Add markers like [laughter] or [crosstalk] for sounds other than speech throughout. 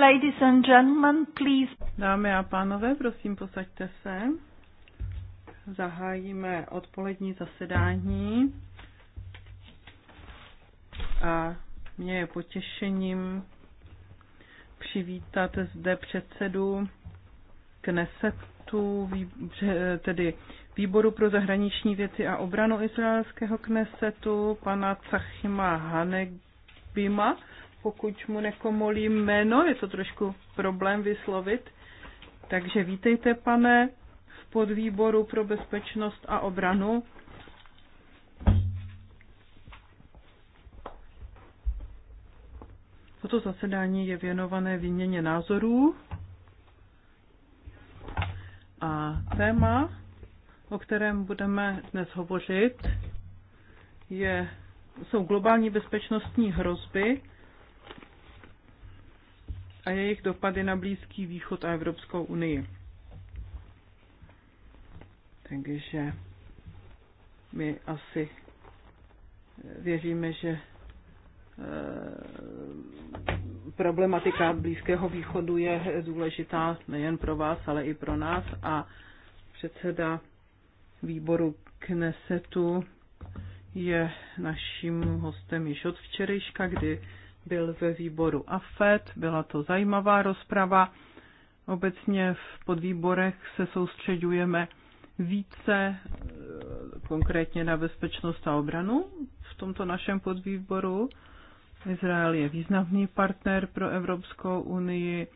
Ladies and gentlemen, please. Dámy a pánové, prosím, posaďte se. Zahájíme odpolední zasedání. A mě je potěšením přivítat zde předsedu Knesetu, tedy Výboru pro zahraniční věci a obranu izraelského Knesetu, pana Cachima Hanebima, pokud mu nekomolím jméno, je to trošku problém vyslovit. Takže vítejte, pane, v podvýboru pro bezpečnost a obranu. Toto zasedání je věnované výměně názorů a téma, o kterém budeme dnes hovořit, je, jsou globální bezpečnostní hrozby a jejich dopady na Blízký východ a Evropskou unii. Takže my asi věříme, že eh, problematika Blízkého východu je důležitá nejen pro vás, ale i pro nás a předseda výboru Knesetu je naším hostem již od včerejška, kdy byl ve výboru AFET, byla to zajímavá rozprava. Obecně v podvýborech se soustředujeme více eh, konkrétně na bezpečnost a obranu v tomto našem podvýboru. Izrael je významný partner pro Evropskou unii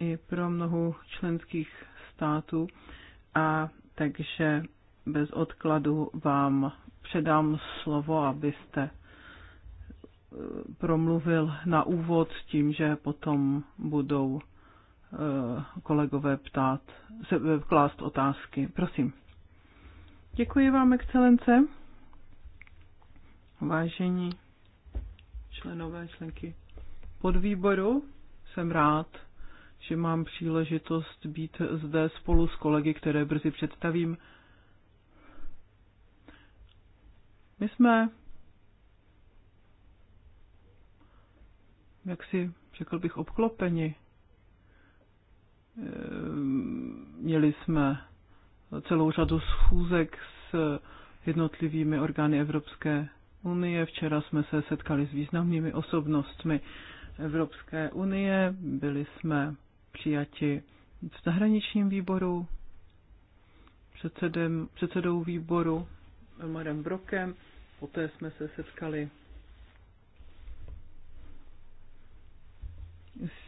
i pro mnoho členských států a takže bez odkladu vám předám slovo, abyste Eh, promluvil na úvod tím, že potom budou eh, kolegové ptát, se, eh, klást otázky. Prosím. Děkuji vám, excelence. Vážení členové, členky podvýboru, jsem rád, že mám příležitost být zde spolu s kolegy, které brzy představím. My jsme Jak si řekl bych, obklopeni. Eh, měli jsme celou řadu schůzek s jednotlivými orgány Evropské unie. Včera jsme se setkali s významnými osobnostmi Evropské unie. Byli jsme přijati v zahraničním výboru, předsedem, předsedou výboru Marem Brokem. Poté jsme se setkali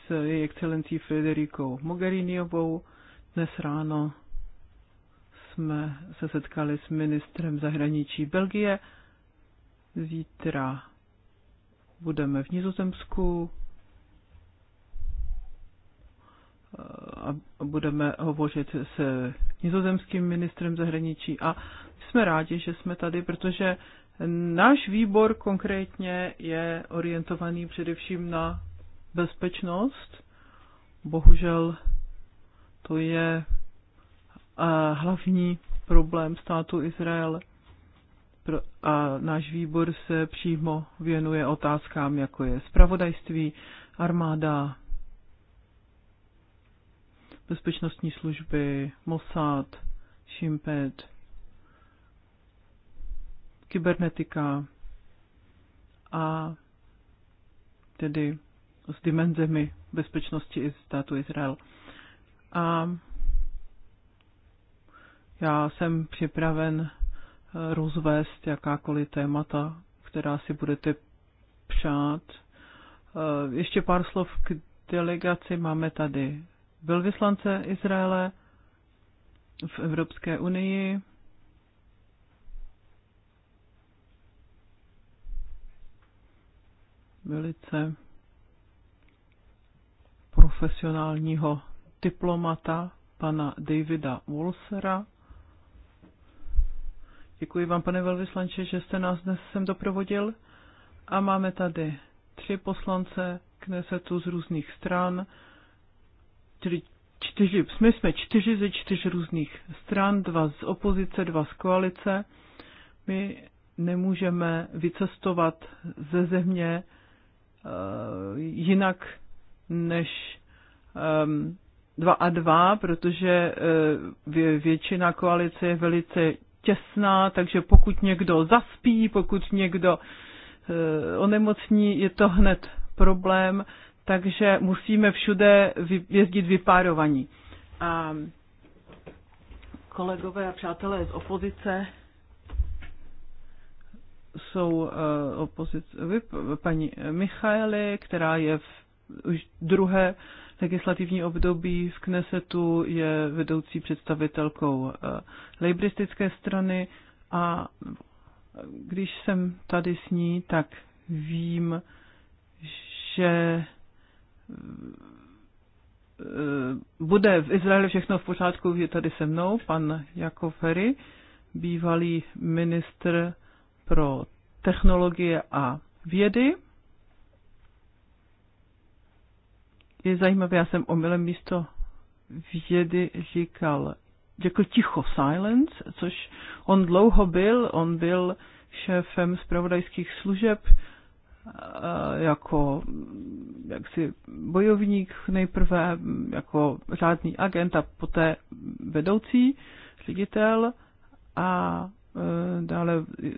s její excelencí Federikou Mogheriniovou. Dnes ráno jsme se setkali s ministrem zahraničí Belgie. Zítra budeme v Nizozemsku a budeme hovořit s nizozemským ministrem zahraničí a jsme rádi, že jsme tady, protože náš výbor konkrétně je orientovaný především na bezpečnost. Bohužel to je eh, hlavní problém státu Izrael a náš výbor se přímo věnuje otázkám, jako je spravodajství, armáda, bezpečnostní služby, Mossad, Šimped, kybernetika a tedy s dimenzemi bezpečnosti státu Izrael. A já jsem připraven eh, rozvést jakákoliv témata, která si budete přát. Eh, ještě pár slov k delegaci. Máme tady velvyslance Izraele v Evropské unii. Velice profesionálního diplomata pana Davida Wolsera. Děkuji vám, pane velvyslanče, že jste nás dnes sem doprovodil. A máme tady tři poslance Knesetu z různých stran, čtyři, čtyři, my jsme čtyři ze čtyř různých stran, dva z opozice, dva z koalice. My nemůžeme vycestovat ze země uh, jinak než Ehm, dva a dva, protože eh, většina koalice je velice těsná, takže pokud někdo zaspí, pokud někdo eh, onemocní, je to hned problém, takže musíme všude jezdit vypárovaní. A kolegové a přátelé z opozice jsou eh, opozice, paní Michaely, která je v, už druhé legislativní období v Knesetu je vedoucí představitelkou eh, lejbristické strany a když jsem tady s ní, tak vím, že eh, bude v Izraeli všechno v pořádku, je tady se mnou pan Jako Ferry, bývalý ministr pro technologie a vědy je zajímavé, já jsem omylem místo vědy říkal, řekl ticho silence, což on dlouho byl, on byl šéfem zpravodajských služeb, jako jaksi bojovník nejprve, jako řádný agent a poté vedoucí ředitel a e, dále e,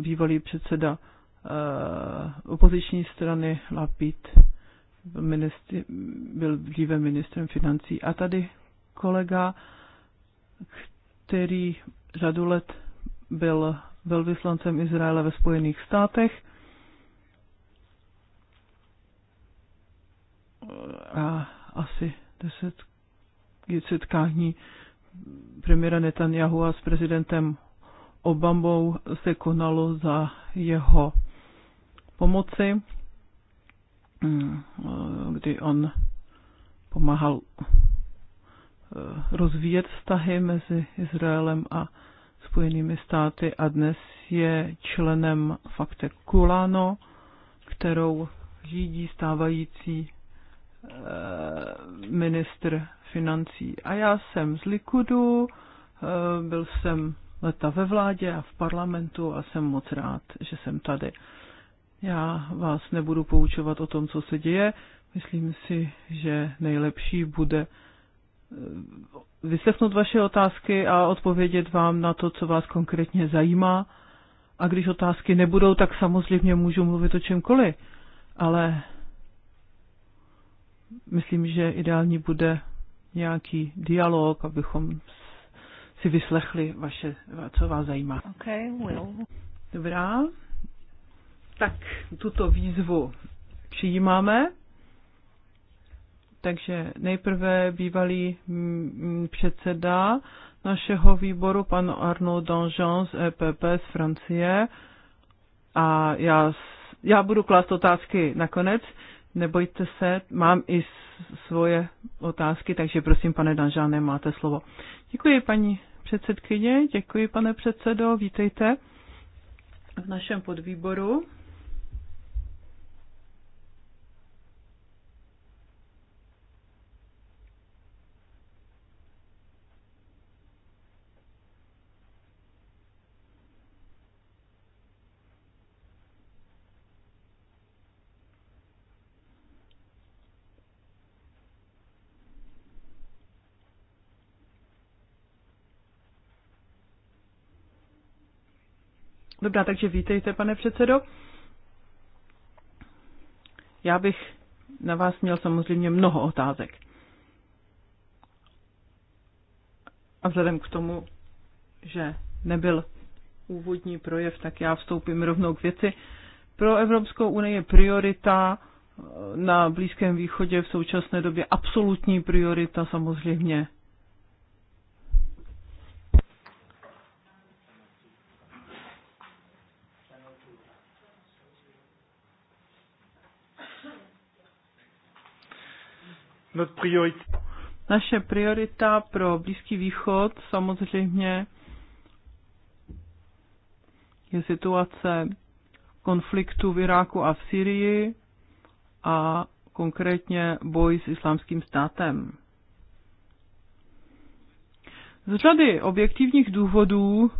bývalý předseda e, opoziční strany Lapid ministr, byl dříve ministrem financí. A tady kolega, který řadu let byl velvyslancem Izraele ve Spojených státech, a asi deset setkání premiéra Netanyahu a s prezidentem Obamou se konalo za jeho pomoci. Mm, kdy on pomáhal eh, rozvíjet vztahy mezi Izraelem a Spojenými státy a dnes je členem fakte Kulano, kterou řídí stávající eh, ministr financí. A já jsem z Likudu, eh, byl jsem leta ve vládě a v parlamentu a jsem moc rád, že jsem tady. Já vás nebudu poučovat o tom, co se děje. Myslím si, že nejlepší bude eh, vyslechnout vaše otázky a odpovědět vám na to, co vás konkrétně zajímá. A když otázky nebudou, tak samozřejmě můžu mluvit o čemkoliv. Ale myslím, že ideální bude nějaký dialog, abychom si vyslechli vaše, co vás zajímá. Okay, will. Dobrá. Tak tuto výzvu přijímáme. Takže nejprve bývalý předseda našeho výboru, pan Arnaud Dangean z EPP z Francie. A já, já budu klást otázky nakonec. Nebojte se, mám i svoje otázky, takže prosím, pane Danžáne, máte slovo. Děkuji, paní předsedkyně, děkuji, pane předsedo, vítejte v našem podvýboru. Dobrá, takže vítejte, pane předsedo. Já bych na vás měl samozřejmě mnoho otázek. A vzhledem k tomu, že nebyl úvodní projev, tak já vstoupím rovnou k věci. Pro Evropskou unii je priorita eh, na Blízkém východě v současné době absolutní priorita samozřejmě Naše priorita pro Blízký východ samozřejmě je situace konfliktu v Iráku a v Syrii a konkrétně boj s islámským státem. Z řady objektivních důvodů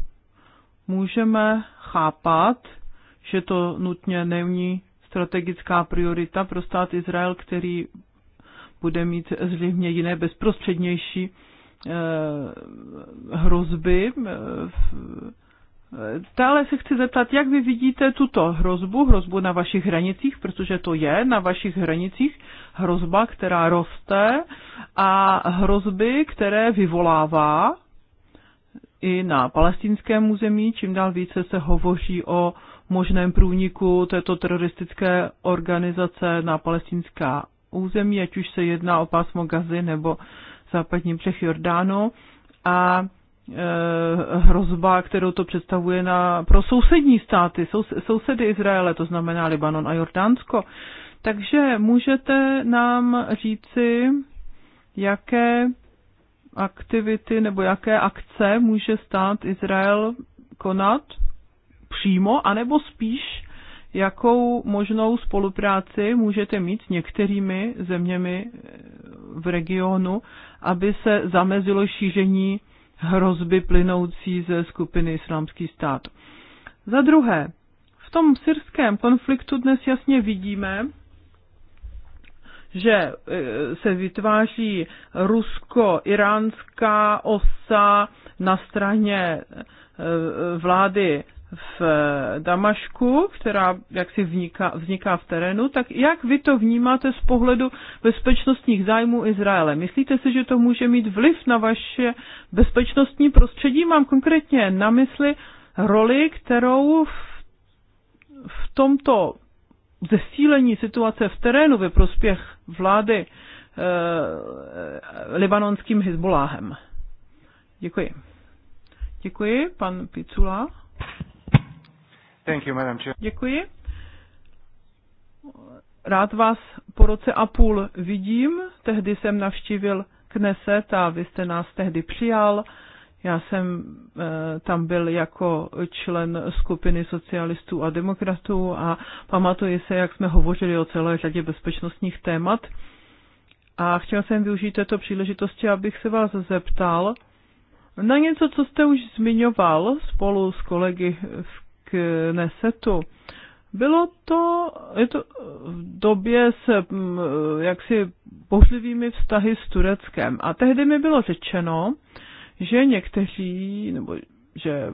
můžeme chápat, že to nutně není strategická priorita pro stát Izrael, který bude mít zřejmě jiné bezprostřednější eh, hrozby. Eh, eh, dále se chci zeptat, jak vy vidíte tuto hrozbu, hrozbu na vašich hranicích, protože to je na vašich hranicích hrozba, která roste a hrozby, které vyvolává i na palestinském území, čím dál více se hovoří o možném průniku této teroristické organizace na palestinská území, ať už se jedná o pásmo Gazy nebo západní břeh Jordánu. A e, hrozba, kterou to představuje na, pro sousední státy, sous, sousedy Izraele, to znamená Libanon a Jordánsko. Takže můžete nám říci, jaké aktivity nebo jaké akce může stát Izrael konat přímo, anebo spíš jakou možnou spolupráci můžete mít s některými zeměmi eh, v regionu, aby se zamezilo šíření hrozby plynoucí ze skupiny Islámský stát. Za druhé, v tom syrském konfliktu dnes jasně vidíme, že eh, se vytváří rusko-iránská osa na straně eh, vlády v eh, Damašku, která jaksi vzniká, vzniká v terénu, tak jak vy to vnímáte z pohledu bezpečnostních zájmů Izraele? Myslíte si, že to může mít vliv na vaše bezpečnostní prostředí? Mám konkrétně na mysli roli, kterou v, v tomto zesílení situace v terénu ve prospěch vlády e, libanonským Hezboláhem. Děkuji. Děkuji, pan Picula. Thank you, madam chair. Děkuji. Rád vás po roce a půl vidím. Tehdy jsem navštívil Kneset a vy jste nás tehdy přijal. Já jsem e, tam byl jako člen skupiny socialistů a demokratů a pamatuji se, jak jsme hovořili o celé řadě bezpečnostních témat. A chtěl jsem využít této příležitosti, abych se vás zeptal na něco, co jste už zmiňoval spolu s kolegy v tu. Bylo to, je to v době s jaksi pohlivými vztahy s Tureckem. A tehdy mi bylo řečeno, že někteří, nebo že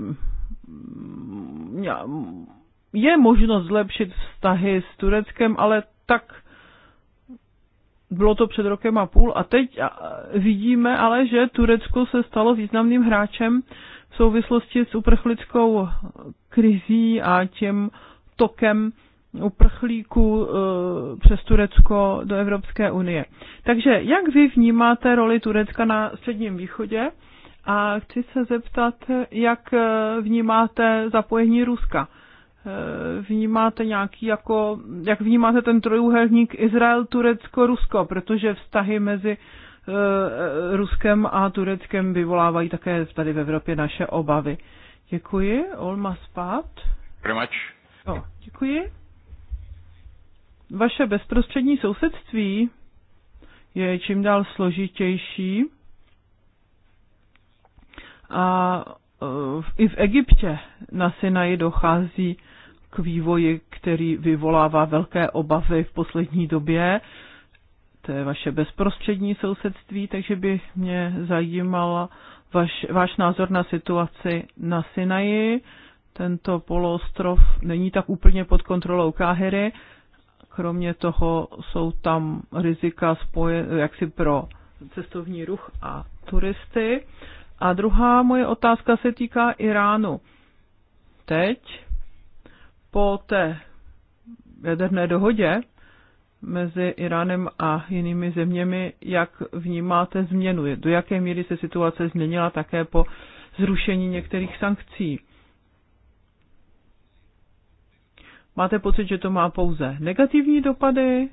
je možnost zlepšit vztahy s Tureckem, ale tak bylo to před rokem a půl a teď vidíme ale, že Turecko se stalo významným hráčem v souvislosti s uprchlickou krizí a tím tokem uprchlíků eh, přes Turecko do Evropské unie. Takže jak vy vnímáte roli Turecka na Středním východě? A chci se zeptat, jak eh, vnímáte zapojení Ruska? Eh, vnímáte nějaký jako, jak vnímáte ten trojuhelník Izrael, Turecko, Rusko, protože vztahy mezi Ruskem a Tureckem vyvolávají také tady v Evropě naše obavy. Děkuji. Olma Spát. Primač. Jo, no, děkuji. Vaše bezprostřední sousedství je čím dál složitější. A eh, i v Egyptě na Sinaji dochází k vývoji, který vyvolává velké obavy v poslední době. To je vaše bezprostřední sousedství, takže by mě zajímala vaš, váš názor na situaci na Sinaji. Tento poloostrov není tak úplně pod kontrolou Káhery. Kromě toho jsou tam rizika spoje, jaksi pro cestovní ruch a turisty. A druhá moje otázka se týká Iránu. Teď po té jaderné dohodě mezi Iránem a jinými zeměmi, jak vnímáte změnu, do jaké míry se situace změnila také po zrušení některých sankcí. Máte pocit, že to má pouze negativní dopady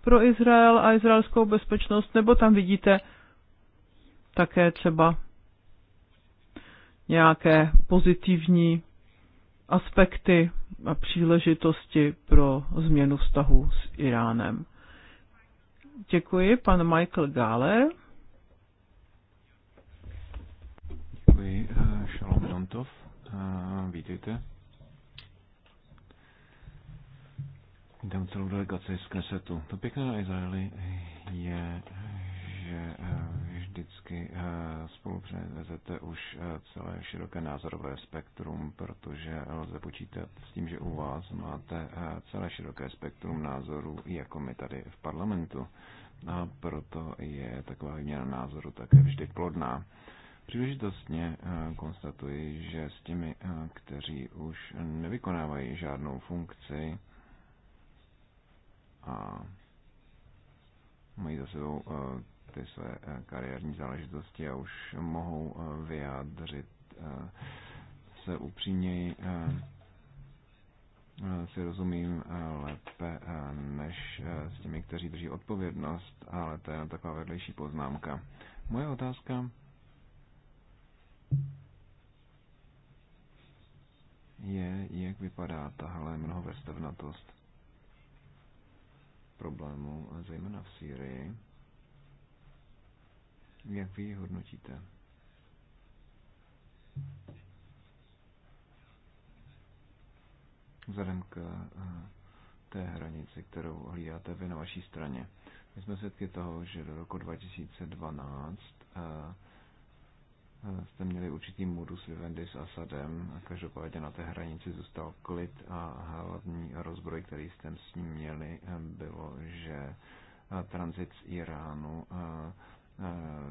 pro Izrael a izraelskou bezpečnost, nebo tam vidíte také třeba nějaké pozitivní aspekty a příležitosti pro změnu vztahu s Iránem. Děkuji, pan Michael Gále. Děkuji, eh, Šalom Dontov. Eh, vítejte. Vítám celou delegaci z Knesetu. To pěkné na Izraeli je, že eh, vždycky eh, spolupřevezete už eh, celé široké názorové spektrum, protože lze počítat s tím, že u vás máte eh, celé široké spektrum názorů, jako my tady v parlamentu. A proto je taková výměna názoru také vždy plodná. Příležitostně konstatuji, že s těmi, kteří už nevykonávají žádnou funkci a mají za sebou ty své eh, kariérní záležitosti a už mohou eh, vyjádřit eh, se upřímněji si rozumím lépe než s těmi, kteří drží odpovědnost, ale to je taková vedlejší poznámka. Moje otázka je, jak vypadá tahle mnohovrstevnatost problému, zejména v Sýrii, jak vy ji hodnotíte? Vzhledem k eh, té hranici, kterou hlídáte vy na vaší straně. My jsme svědky toho, že do roku 2012 eh, eh, jste měli určitý modus vivendi s Asadem a každopádně na té hranici zůstal klid a hlavní rozbroj, který jste s ním měli, bylo, že tranzit z Iránu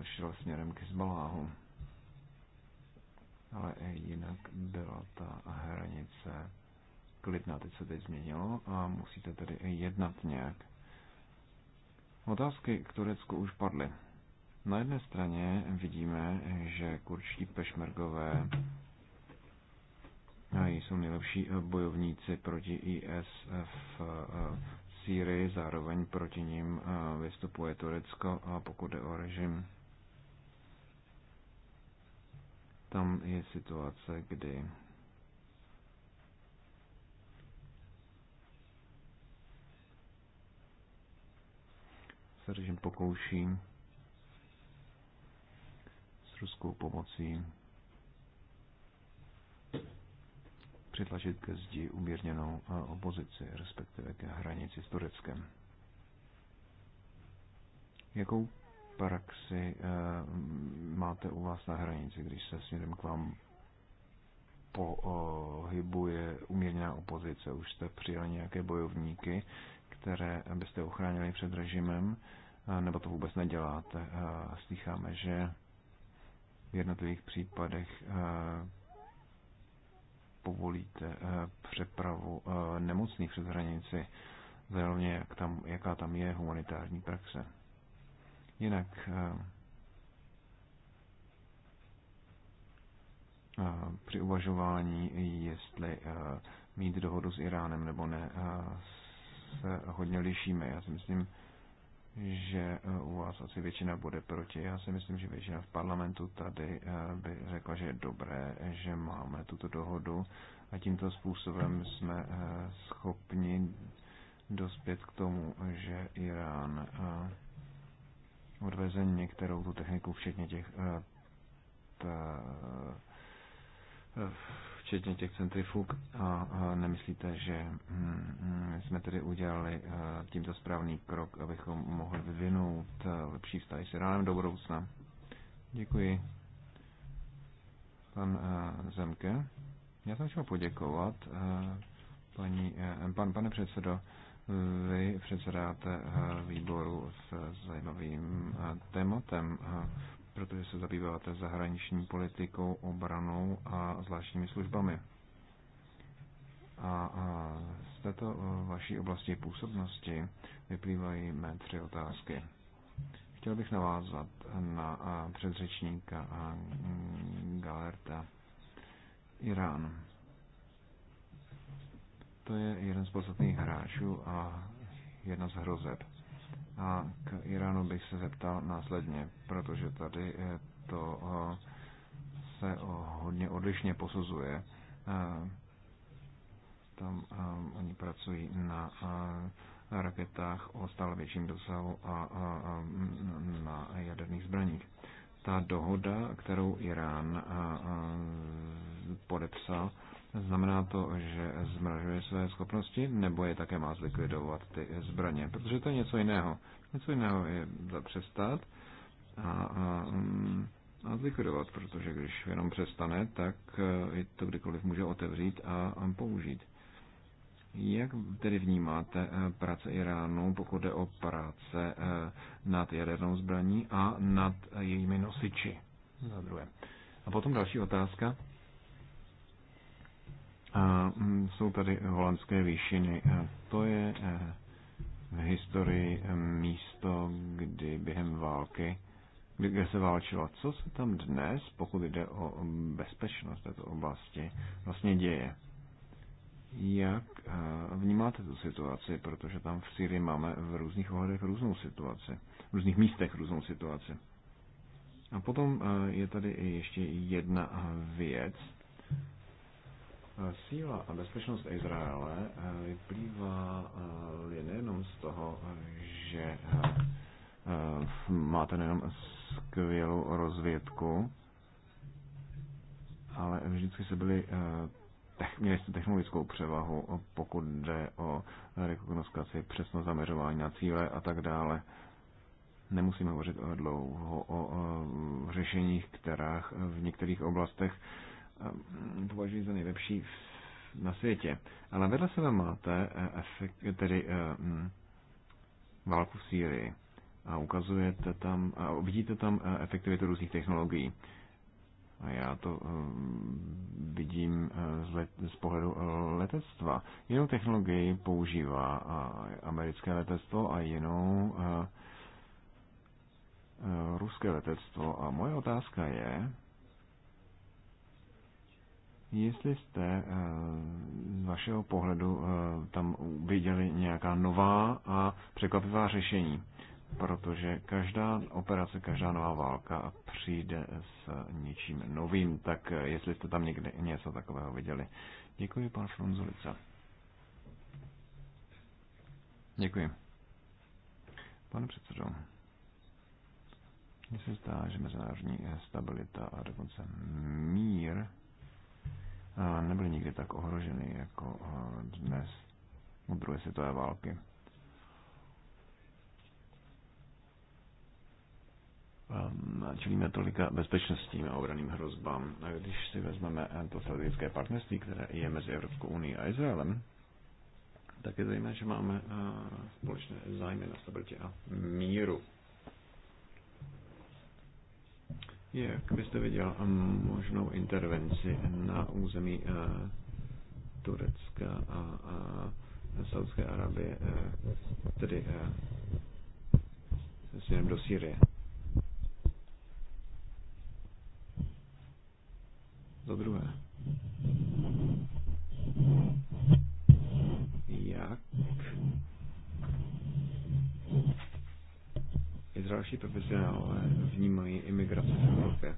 šel směrem k Hezbaláhu. Ale jinak byla ta hranice klidná, teď se teď změnilo a musíte tedy jednat nějak. Otázky k Turecku už padly. Na jedné straně vidíme, že kurčtí pešmergové jsou nejlepší bojovníci proti IS v Sýrii, zároveň proti ním eh, vystupuje Turecko a pokud jde o režim, tam je situace, kdy se režim pokouší s ruskou pomocí přitlačit ke zdi umírněnou eh, opozici, respektive ke hranici s Tureckem. Jakou praxi eh, máte u vás na hranici, když se směrem k vám pohybuje umírněná opozice? Už jste přijali nějaké bojovníky, které byste ochránili před režimem, eh, nebo to vůbec neděláte? Slycháme, že v jednotlivých případech povolíte eh, přepravu eh, nemocných přes hranici, zároveň jak tam, jaká tam je humanitární praxe. Jinak eh, při uvažování, jestli mít dohodu s Iránem nebo ne, se hodně lišíme. Já si myslím, že eh, u vás asi většina bude proti. Já si myslím, že většina v parlamentu tady eh, by řekla, že je dobré, že máme tuto dohodu a tímto způsobem jsme eh, schopni dospět k tomu, že Irán odveze některou tu techniku, včetně těch včetně těch centrifug a nemyslíte, že mm, mm, jsme tedy udělali eh, tímto správný krok, abychom mohli vyvinout eh, lepší vztahy s Iránem do budoucna? Děkuji. Pan eh, Zemke. Já jsem chtěl poděkovat, paní, pan, pane předsedo, vy předsedáte výboru s zajímavým tématem protože se zabýváte zahraniční politikou, obranou a zvláštními službami. A, z této e, vaší oblasti působnosti vyplývají mé tři otázky. Chtěl bych navázat na předřečníka mm, Galerta Irán. To je jeden z podstatných hráčů a jedna z hrozeb a k Iránu bych se zeptal následně, protože tady eh, to eh, se eh, hodně odlišně posuzuje. Tam oni pracují na raketách o stále větším dosahu a na jaderných zbraních. Ta dohoda, kterou Irán podepsal, Znamená to, že zmražuje své schopnosti, nebo je také má zlikvidovat ty zbraně, protože to je něco jiného. Něco jiného je přestat a, a, a zlikvidovat, protože když jenom přestane, tak eh, i to kdykoliv může otevřít a, a použít. Jak tedy vnímáte eh, práce Iránu, pokud jde o práce eh, nad jadernou zbraní a nad jejími nosiči? Za druhé. A potom další otázka. Mm, jsou tady holandské výšiny. To je eh, v historii eh, místo, kdy během války, kde se válčilo. Co se tam dnes, pokud jde o bezpečnost této oblasti, vlastně děje? Jak eh, vnímáte tu situaci, protože tam v Syrii máme v různých ohledech různou situaci, v různých místech různou situaci. A potom je tady ještě jedna věc, Síla a bezpečnost Izraele eh, vyplývá eh, nejenom z toho, že eh, máte nejenom skvělou rozvědku, ale vždycky se byli měli jste technologickou převahu, pokud jde o rekognoskaci, přesno zaměřování na cíle a tak dále. Nemusíme hovořit dlouho o, o řešeních, která v některých oblastech Eh, považují za nejlepší na světě. Ale vedle sebe máte eh, efekt, tedy eh, hm, válku v Sýrii a ukazujete tam, a vidíte tam efektivitu různých technologií. A já to vidím z, let, z pohledu letectva. Jinou technologii používá americké letectvo a jinou ruské letectvo. A moje otázka je, Vlastně, jestli jste eh, z vašeho pohledu eh, tam viděli nějaká nová a překvapivá řešení, protože každá operace, každá nová válka přijde s něčím novým, tak eh, jestli jste tam někde něco takového viděli. Děkuji, pan Frunzulica. Děkuji. Pane předsedo, mně se zdá, že mezinárodní stabilita a dokonce mír nebyly nikdy tak ohroženy jako eh, dnes od druhé světové války. Ehm, čelíme tolika bezpečnostním a obraným hrozbám. když si vezmeme eh, to strategické partnerství, které je mezi Evropskou unii a Izraelem, tak je zajímavé, že máme eh, společné zájmy na stabilitě a míru. Jak byste viděl eh, možnou intervenci na území eh, Turecka a, Saudské Arabie, eh, tedy směrem do Sýrie? Za druhé. Jak izraelští profesionálové vnímají imigraci v Evropě.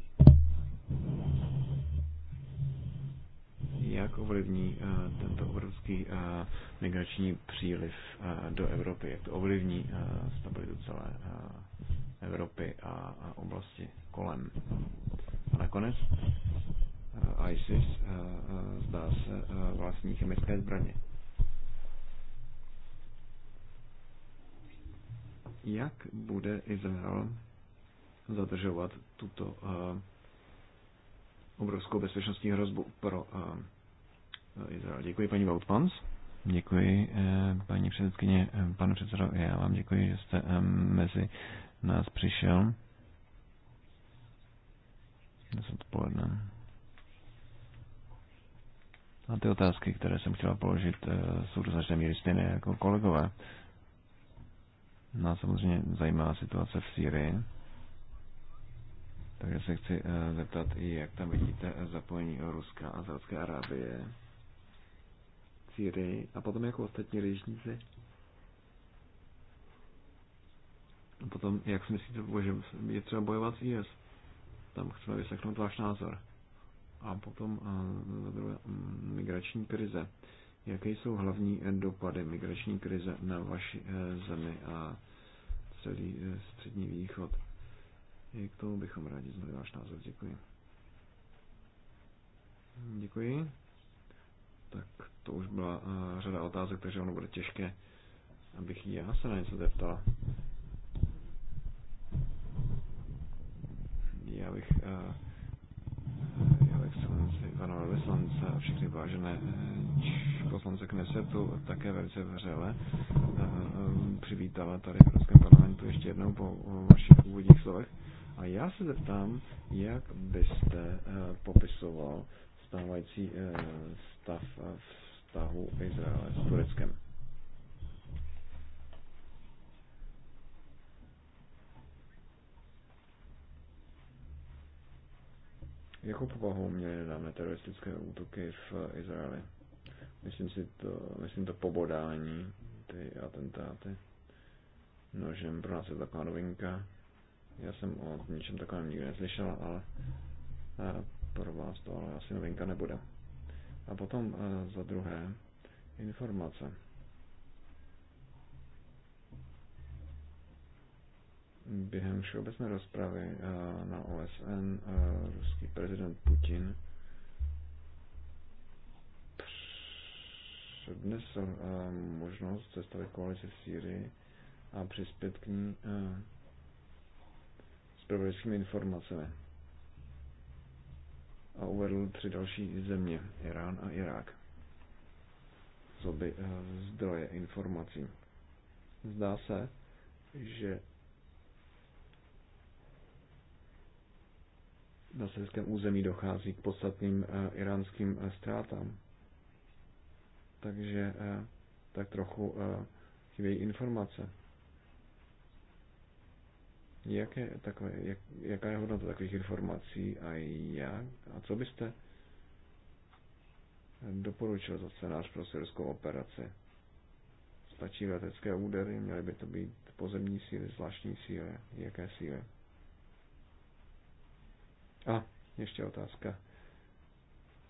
Jak ovlivní eh, tento obrovský eh, migrační příliv eh, do Evropy? Jak to ovlivní stabilitu celé Evropy a oblasti kolem? A nakonec ISIS zdá se vlastní chemické zbraně. jak bude Izrael zadržovat tuto uh, obrovskou bezpečnostní hrozbu pro uh, Izrael. Děkuji paní Vautmans. Děkuji, eh, paní předsedkyně, pane předsedo, já vám děkuji, že jste mezi nás přišel. Dnes odpoledne. A ty otázky, které jsem chtěla položit, jsou do značné míry stejné jako kolegové. Nás no samozřejmě zajímá situace v Syrii. Takže se chci eh, zeptat, i jak tam vidíte eh, zapojení Ruska a Saudské Arábie, Syrii a potom jako ostatní režníci. A potom, jak si myslíte, že je třeba bojovat s IS? Tam chceme vyslechnout váš názor. A potom eh, za druhé mm, migrační krize. Jaké jsou hlavní dopady migrační krize na vaši zemi a celý eh, střední východ. I k tomu bychom rádi znali váš názor. Děkuji. Děkuji. Tak to už byla eh, řada otázek, takže ono bude těžké, abych já se na něco zeptal. Já bych eh, excelenci, pana vyslance a všechny vážené eh, poslance Knesetu také velice vřele eh, eh, přivítala tady v Evropském parlamentu ještě jednou po vašich úvodních slovech. A já se zeptám, jak byste popisoval stávající stav vztahu Izraele s Tureckem. Jakou povahu měly dáme teroristické útoky v Izraeli? Myslím si to, myslím to pobodání, ty atentáty nožem, pro nás je taková novinka. Já jsem o ničem takovém nikdy neslyšel, ale pro vás to ale asi novinka nebude. A potom e, za druhé informace. během všeobecné rozpravy eh, na OSN eh, ruský prezident Putin přednesl eh, možnost sestavit koalici v Sýrii a přispět k ní zpravodajskými informacemi. A uvedl tři další země, Irán a Irák, co by zdroje informací. Zdá se, že na syrském území dochází k podstatným eh, iránským eh, ztrátám. Takže eh, tak trochu chybějí informace. Jak je takové, jak, jaká je hodnota takových informací a jak? A co byste doporučil za scénář pro syrskou operaci? Stačí letecké údery, měly by to být pozemní síly, zvláštní síly, jaké síly? A ještě otázka.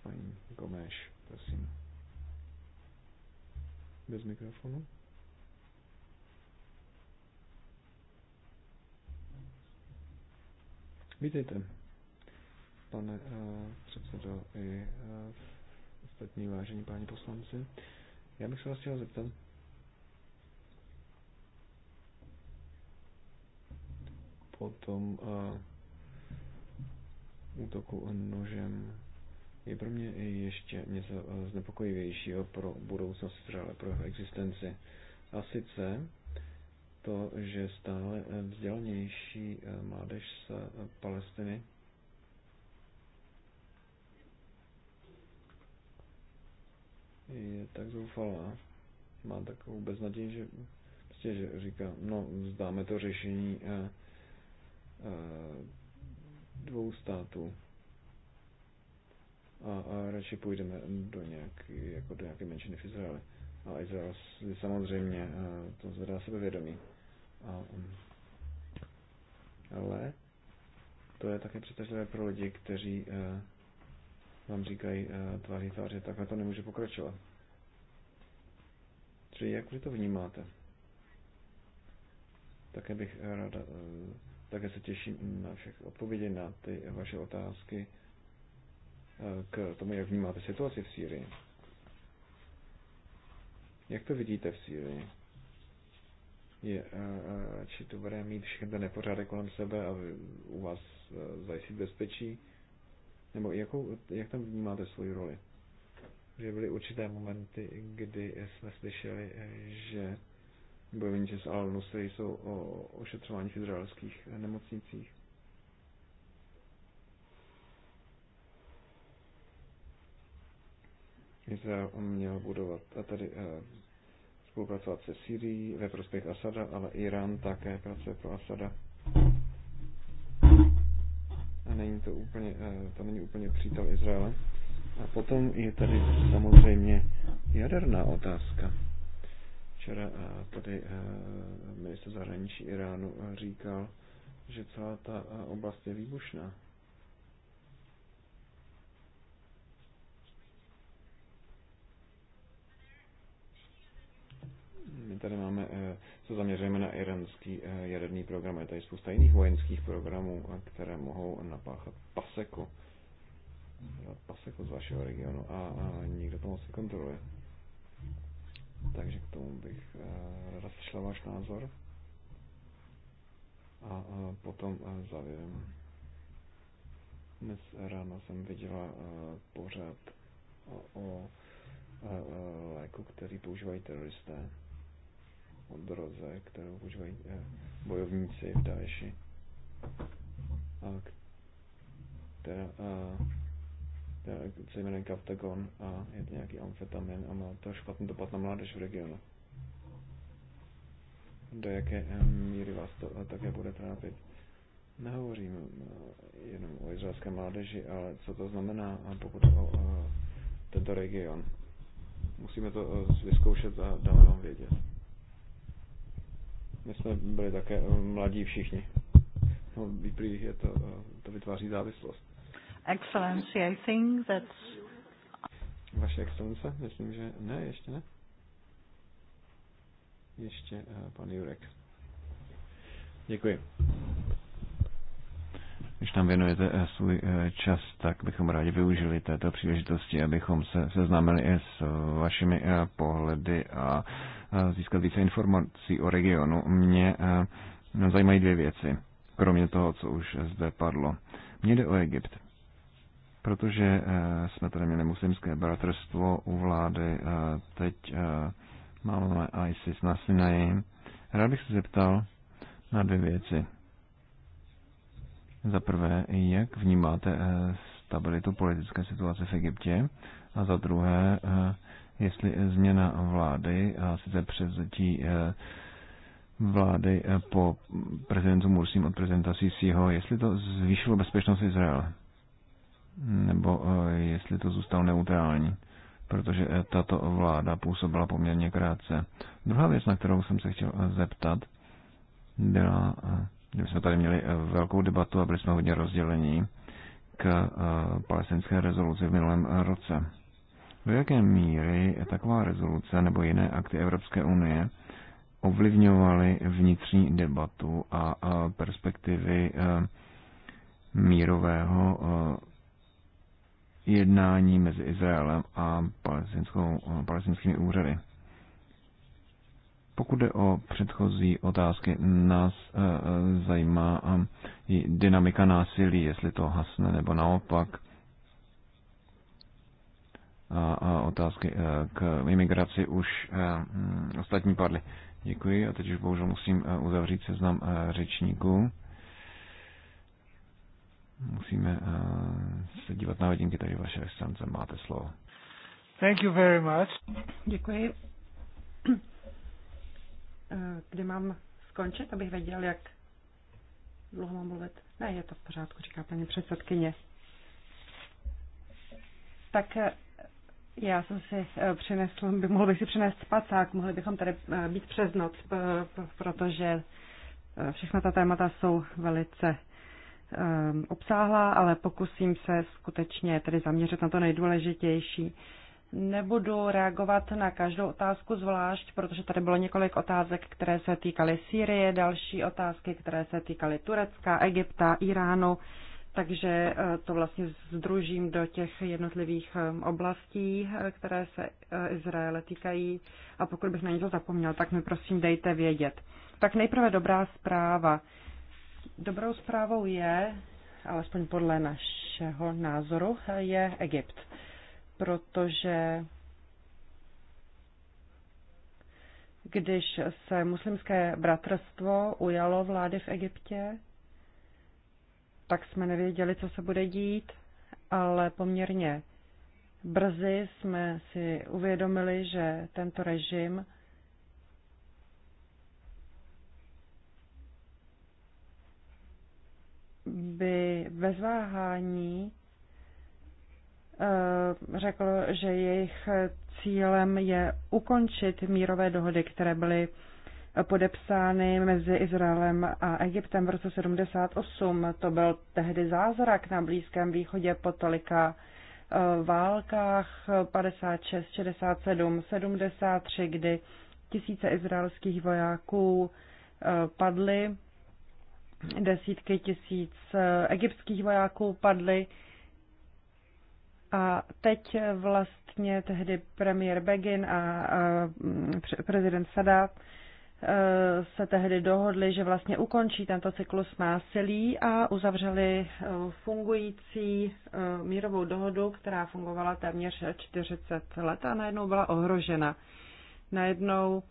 Paní Gomeš, prosím. Bez mikrofonu. Vítejte, pane uh, předsedo i uh, ostatní vážení páni poslanci. Já bych se vás chtěl zeptat, potom uh, útoku nožem je pro mě ještě něco eh, znepokojivějšího pro budoucnost Izraele, pro existenci. A sice to, že stále vzdělanější eh, mládež z eh, Palestiny je tak zoufalá, má takovou beznaděj, že, prostě, že říká, no vzdáme to řešení a, a dvou států a, a radši půjdeme do nějaké, jako do nějaké menšiny v Izraeli. A Izrael samozřejmě eh, to zvedá sebevědomí. A, mm, ale to je také přitažlivé pro lidi, kteří eh, vám říkají eh, tváří tvář, že takhle to nemůže pokračovat. Čili jak vy to vnímáte? Také bych ráda eh, také se těším na všech odpovědi na ty vaše otázky eh, k tomu, jak vnímáte situaci v Sýrii. Jak to vidíte v Sýrii? Je, eh, eh, či to bude mít všechny ten nepořádek kolem sebe a u vás zajistit bezpečí? Nebo jakou, jak tam vnímáte svoji roli? Že byly určité momenty, kdy jsme slyšeli, že bojovníci z al jsou o ošetřování v izraelských nemocnicích. Izrael měl budovat a tady eh, spolupracovat se Syrií ve prospěch Asada, ale Irán také pracuje pro Asada. A není to úplně, eh, to není úplně přítel Izraele. A potom je tady samozřejmě jaderná otázka. Včera tady eh, minister zahraničí Iránu eh, říkal, že celá ta eh, oblast je výbušná. My tady máme, se zaměřujeme na iránský jaderný program, je tady spousta jiných vojenských programů, které mohou napáchat paseku. Paseku z vašeho regionu a, a nikdo to moc nekontroluje. kontroluje. Takže k tomu bych eh, rád slyšela váš názor. A potom eh, zavěrem. Dnes ráno jsem viděla eh, pořád o, o léku, který používají teroristé. O droze, kterou používají bojovníci v Daeši. A která a, se jmenuje Captagon a je to nějaký amfetamin a má to špatný dopad na mládež v regionu. Do jaké eh, míry vás to eh, také bude trápit? Nehovořím eh, jenom o izraelské mládeži, ale co to znamená, pokud o tento region. Musíme to vyzkoušet a dáme vám vědět. My jsme byli také mladí všichni. No, je to, to vytváří závislost. Excellency, I think that's... Vaše excelence? Myslím, že ne, ještě ne. Ještě uh, pan Jurek. Děkuji. Když nám věnujete eh, svůj eh, čas, tak bychom rádi využili této příležitosti, abychom se seznámili i s vašimi pohledy a získat více informací o regionu. Mě zajímají dvě věci, kromě toho, co už zde padlo. Mně jde o Egypt. Protože eh, jsme tady měli muslimské bratrstvo u vlády, eh, teď eh, máme ISIS na Sinaji. Rád bych se zeptal na dvě věci. Za prvé, jak vnímáte stabilitu politické situace v Egyptě? A za druhé, jestli změna vlády, a sice převzetí vlády po prezidentu Mursím od prezidenta Sisiho, jestli to zvýšilo bezpečnost Izraele nebo eh, jestli to zůstalo neutrální, protože eh, tato vláda působila poměrně krátce. Druhá věc, na kterou jsem se chtěl eh, zeptat, byla, my jsme tady měli velkou debatu a byli jsme hodně rozdělení k palestinské rezoluci v minulém roce. Do jaké míry taková rezoluce nebo jiné akty Evropské unie ovlivňovaly vnitřní debatu a perspektivy mírového jednání mezi Izraelem a palestinskými úřady. Pokud jde o předchozí otázky, nás e, zajímá eh, i dynamika násilí, jestli to hasne nebo naopak. A, a otázky e, k imigraci už e, ostatní padly. Děkuji a teď už bohužel musím uzavřít seznam e, řečníků. Musíme eh, se dívat na hodinky, takže vaše excelence, máte slovo. Thank you very much. Děkuji. [clears throat] Eh, Kde mám skončit, abych věděl, jak dlouho mám mluvit? Ne, je to v pořádku, říká paní předsedkyně. Tak eh, já jsem si přinesl, by, mohl bych si přinést spacák, mohli bychom tady být přes noc, protože všechna ta témata jsou velice Ehm, obsáhlá, ale pokusím se skutečně tedy zaměřit na to nejdůležitější. Nebudu reagovat na každou otázku zvlášť, protože tady bylo několik otázek, které se týkaly Sýrie, další otázky, které se týkaly Turecka, Egypta, Iránu, takže eh, to vlastně združím do těch jednotlivých ehm, oblastí, eh, které se eh, Izraele týkají a pokud bych na něco zapomněl, tak mi prosím dejte vědět. Tak nejprve dobrá zpráva. Dobrou zprávou je, alespoň podle našeho názoru, je Egypt, protože když se muslimské bratrstvo ujalo vlády v Egyptě, tak jsme nevěděli, co se bude dít, ale poměrně brzy jsme si uvědomili, že tento režim by ve zváhání eh, řekl, že jejich cílem je ukončit mírové dohody, které byly podepsány mezi Izraelem a Egyptem v roce 78. To byl tehdy zázrak na Blízkém východě po tolika eh, válkách 56, 67, 73, kdy tisíce izraelských vojáků eh, padly desítky tisíc eh, egyptských vojáků padly. A teď vlastně tehdy premiér Begin a mm, prezident Sadat eh, se tehdy dohodli, že vlastně ukončí tento cyklus násilí a uzavřeli eh, fungující mírovou dohodu, která fungovala téměř 40 let a najednou byla ohrožena. Najednou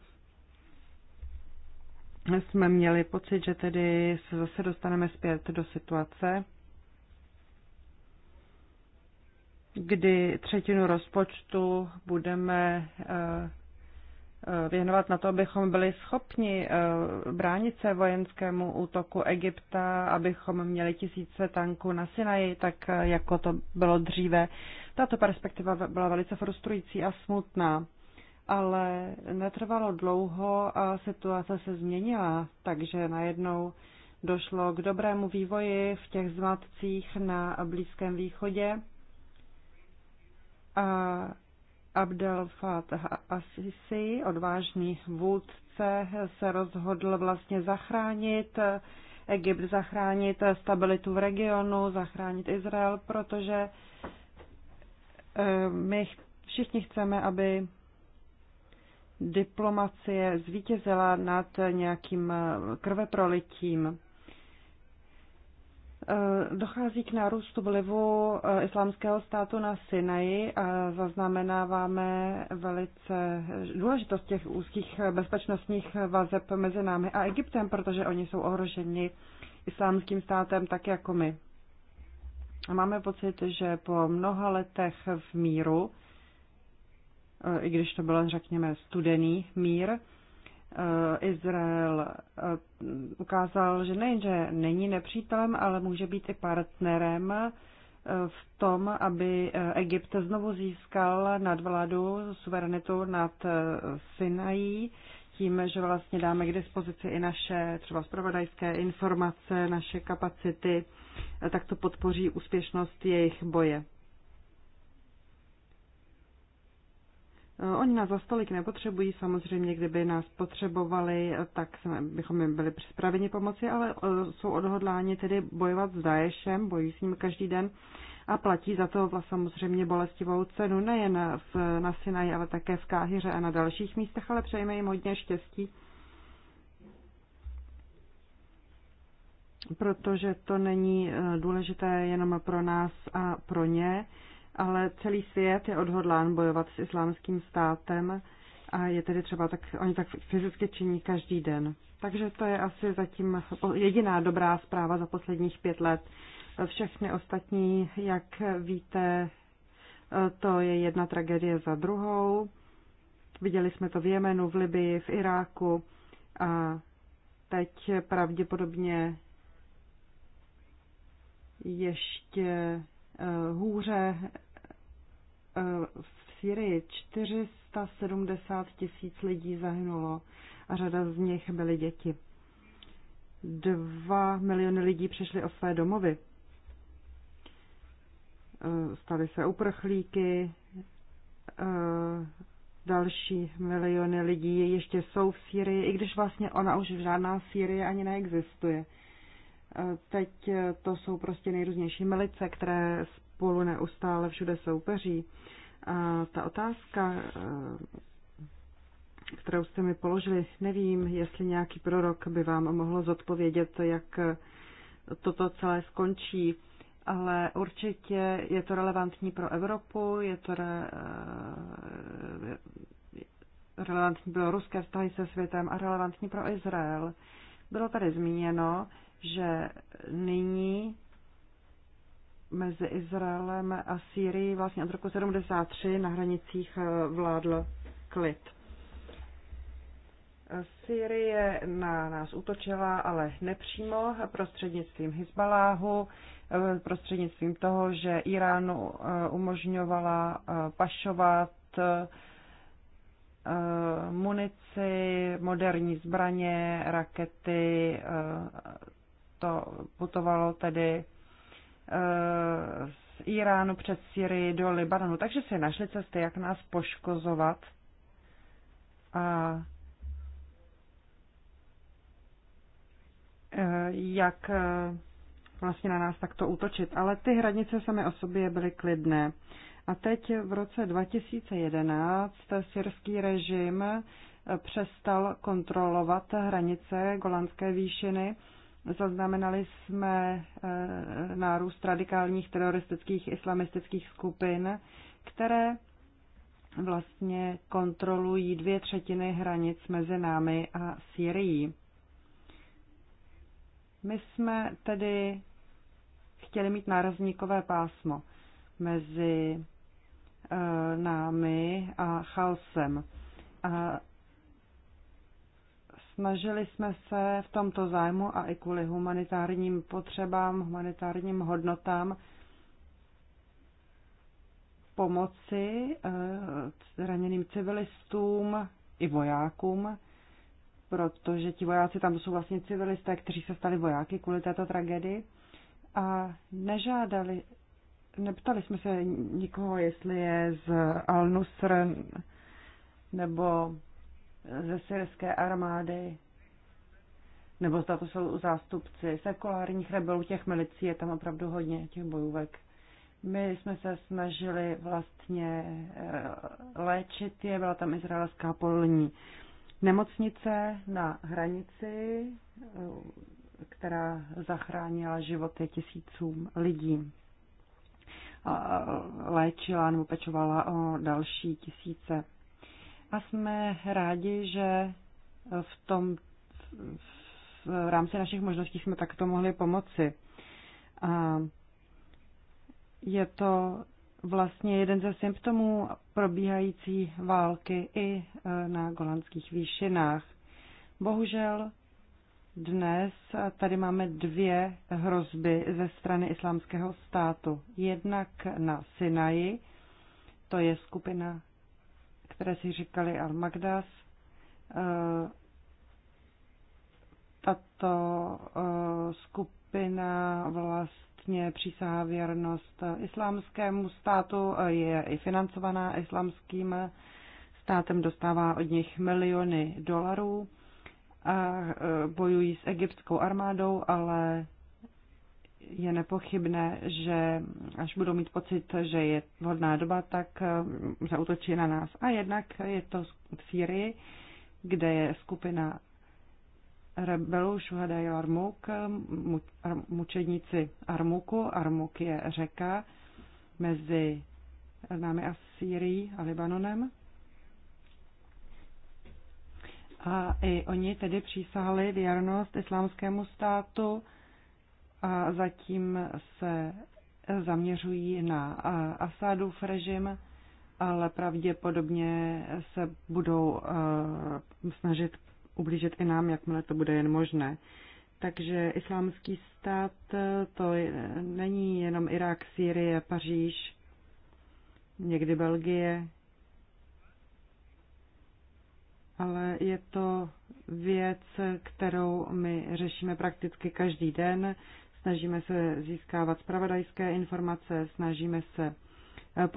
jsme měli pocit, že tedy se zase dostaneme zpět do situace, kdy třetinu rozpočtu budeme eh, eh, věnovat na to, abychom byli schopni eh, bránit se vojenskému útoku Egypta, abychom měli tisíce tanků na Sinaji, tak jako to bylo dříve. Tato perspektiva byla velice frustrující a smutná ale netrvalo dlouho a situace se změnila, takže najednou došlo k dobrému vývoji v těch zmatcích na Blízkém východě. A Abdel Fattah Asisi, odvážný vůdce, se rozhodl vlastně zachránit Egypt, zachránit stabilitu v regionu, zachránit Izrael, protože eh, my všichni chceme, aby diplomacie zvítězila nad nějakým eh, krveprolitím. Eh, dochází k nárůstu vlivu eh, islámského státu na Sinaji a zaznamenáváme velice důležitost těch úzkých bezpečnostních vazeb mezi námi a Egyptem, protože oni jsou ohroženi islámským státem tak jako my. A máme pocit, že po mnoha letech v míru Eh, i když to byl, řekněme, studený mír. Eh, Izrael eh, ukázal, že nejenže není nepřítelem, ale může být i partnerem v tom, aby Egypt znovu získal nadvládu, suverenitu nad Sinají, tím, že vlastně dáme k dispozici i naše třeba zpravodajské informace, naše kapacity, tak to podpoří úspěšnost jejich boje. Eh, oni nás za stolik nepotřebují, samozřejmě, kdyby nás potřebovali, eh, tak bychom jim byli připraveni pomoci, ale eh, jsou odhodláni tedy bojovat s Daešem, bojují s ním každý den a platí za to samozřejmě bolestivou cenu nejen v, na Sinaji, ale také v Káhyře a na dalších místech, ale přejeme jim hodně štěstí, protože to není důležité jenom pro nás a pro ně, ale celý svět je odhodlán bojovat s islámským státem a je tedy třeba tak, oni tak fyzicky činí každý den. Takže to je asi zatím jediná dobrá zpráva za posledních pět let. Všechny ostatní, jak víte, to je jedna tragédie za druhou. Viděli jsme to v Jemenu, v Libii, v Iráku a teď pravděpodobně ještě eh, hůře Eh, v Syrii 470 tisíc lidí zahynulo a řada z nich byly děti. Dva miliony lidí přišly o své domovy. Eh, staly se uprchlíky, eh, další miliony lidí ještě jsou v Syrii, i když vlastně ona už žádná Syrie ani neexistuje. Teď to jsou prostě nejrůznější milice, které spolu neustále všude soupeří. A ta otázka, e, kterou jste mi položili, nevím, jestli nějaký prorok by vám mohl zodpovědět, jak toto celé skončí, ale určitě je to relevantní pro Evropu, je to re, e, relevantní pro ruské vztahy se světem a relevantní pro Izrael. Bylo tady zmíněno, že nyní mezi Izraelem a Sýrií vlastně od roku 73 na hranicích eh, vládl klid. Syrie na nás útočila, ale nepřímo prostřednictvím Hezbaláhu, eh, prostřednictvím toho, že Iránu eh, umožňovala pašovat munici, moderní zbraně, rakety. To putovalo tedy Eh, z Iránu přes Syrii do Libanonu, takže si našli cesty, jak nás poškozovat. A eh, jak eh, vlastně na nás takto útočit. Ale ty hranice samé o sobě byly klidné. A teď v roce 2011 syrský režim přestal kontrolovat hranice Golandské výšiny Zaznamenali jsme eh, nárůst radikálních teroristických islamistických skupin, které vlastně kontrolují dvě třetiny hranic mezi námi a Syrií. My jsme tedy chtěli mít nárazníkové pásmo mezi eh, námi a chaosem. A Snažili jsme se v tomto zájmu a i kvůli humanitárním potřebám, humanitárním hodnotám pomoci eh, raněným civilistům i vojákům, protože ti vojáci tam jsou vlastně civilisté, kteří se stali vojáky kvůli této tragédii. A nežádali, neptali jsme se nikoho, jestli je z Al-Nusr nebo ze syrské armády, nebo zda to jsou zástupci sekulárních rebelů, těch milicí je tam opravdu hodně, těch bojůvek. My jsme se snažili vlastně eh, léčit je, byla tam izraelská polní nemocnice na hranici, eh, která zachránila životy tisícům lidí. Eh, léčila nebo pečovala o další tisíce a jsme rádi, že v tom v rámci našich možností jsme takto mohli pomoci. A je to vlastně jeden ze symptomů probíhající války i e, na golandských výšinách. Bohužel dnes tady máme dvě hrozby ze strany islámského státu. Jednak na Sinaji, to je skupina které si říkali Al-Magdas. Eh, tato eh, skupina vlastně přísahá věrnost islámskému státu, eh, je i financovaná islámským státem, dostává od nich miliony dolarů a bojují s egyptskou armádou, ale je nepochybné, že až budou mít pocit, že je vhodná doba, tak eh, zautočí na nás. A jednak je to v Sýrii, kde je skupina rebelů Šuhadaj Armuk, eh, mučedníci Armuku. Armuk je řeka mezi námi a Sýrií a Libanonem. A i oni tedy přísahali věrnost islámskému státu a zatím se zaměřují na Asádův režim, ale pravděpodobně se budou snažit ublížit i nám, jakmile to bude jen možné. Takže islámský stát to není jenom Irák, Sýrie, Paříž, někdy Belgie, ale je to věc, kterou my řešíme prakticky každý den snažíme se získávat spravodajské informace, snažíme se eh,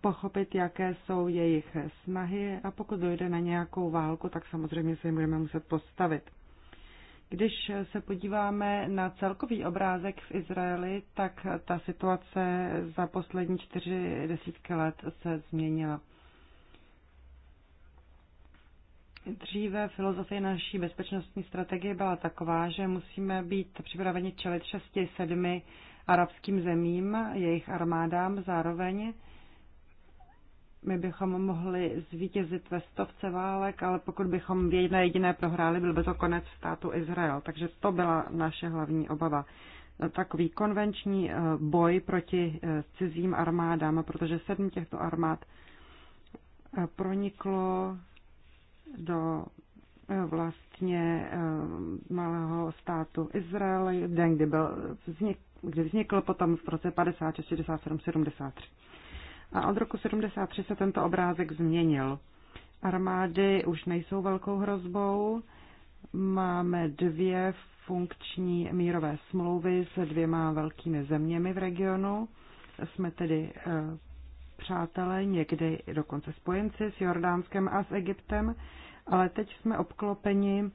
pochopit, jaké jsou jejich snahy a pokud dojde na nějakou válku, tak samozřejmě se jim budeme muset postavit. Když se podíváme na celkový obrázek v Izraeli, tak ta situace za poslední čtyři desítky let se změnila. Dříve filozofie naší bezpečnostní strategie byla taková, že musíme být připraveni čelit 6 sedmi arabským zemím, jejich armádám zároveň. My bychom mohli zvítězit ve stovce válek, ale pokud bychom v jedné jediné prohráli, byl by to konec státu Izrael. Takže to byla naše hlavní obava. Takový konvenční eh, boj proti eh, cizím armádám, protože sedm těchto armád eh, proniklo do eh, vlastně eh, malého státu Izrael, den, kdy, byl vznik, kdy vznikl potom v roce 56, 67, 73. A od roku 73 se tento obrázek změnil. Armády už nejsou velkou hrozbou. Máme dvě funkční mírové smlouvy se dvěma velkými zeměmi v regionu. Jsme tedy eh, přátelé, někdy dokonce spojenci s Jordánskem a s Egyptem, ale teď jsme obklopeni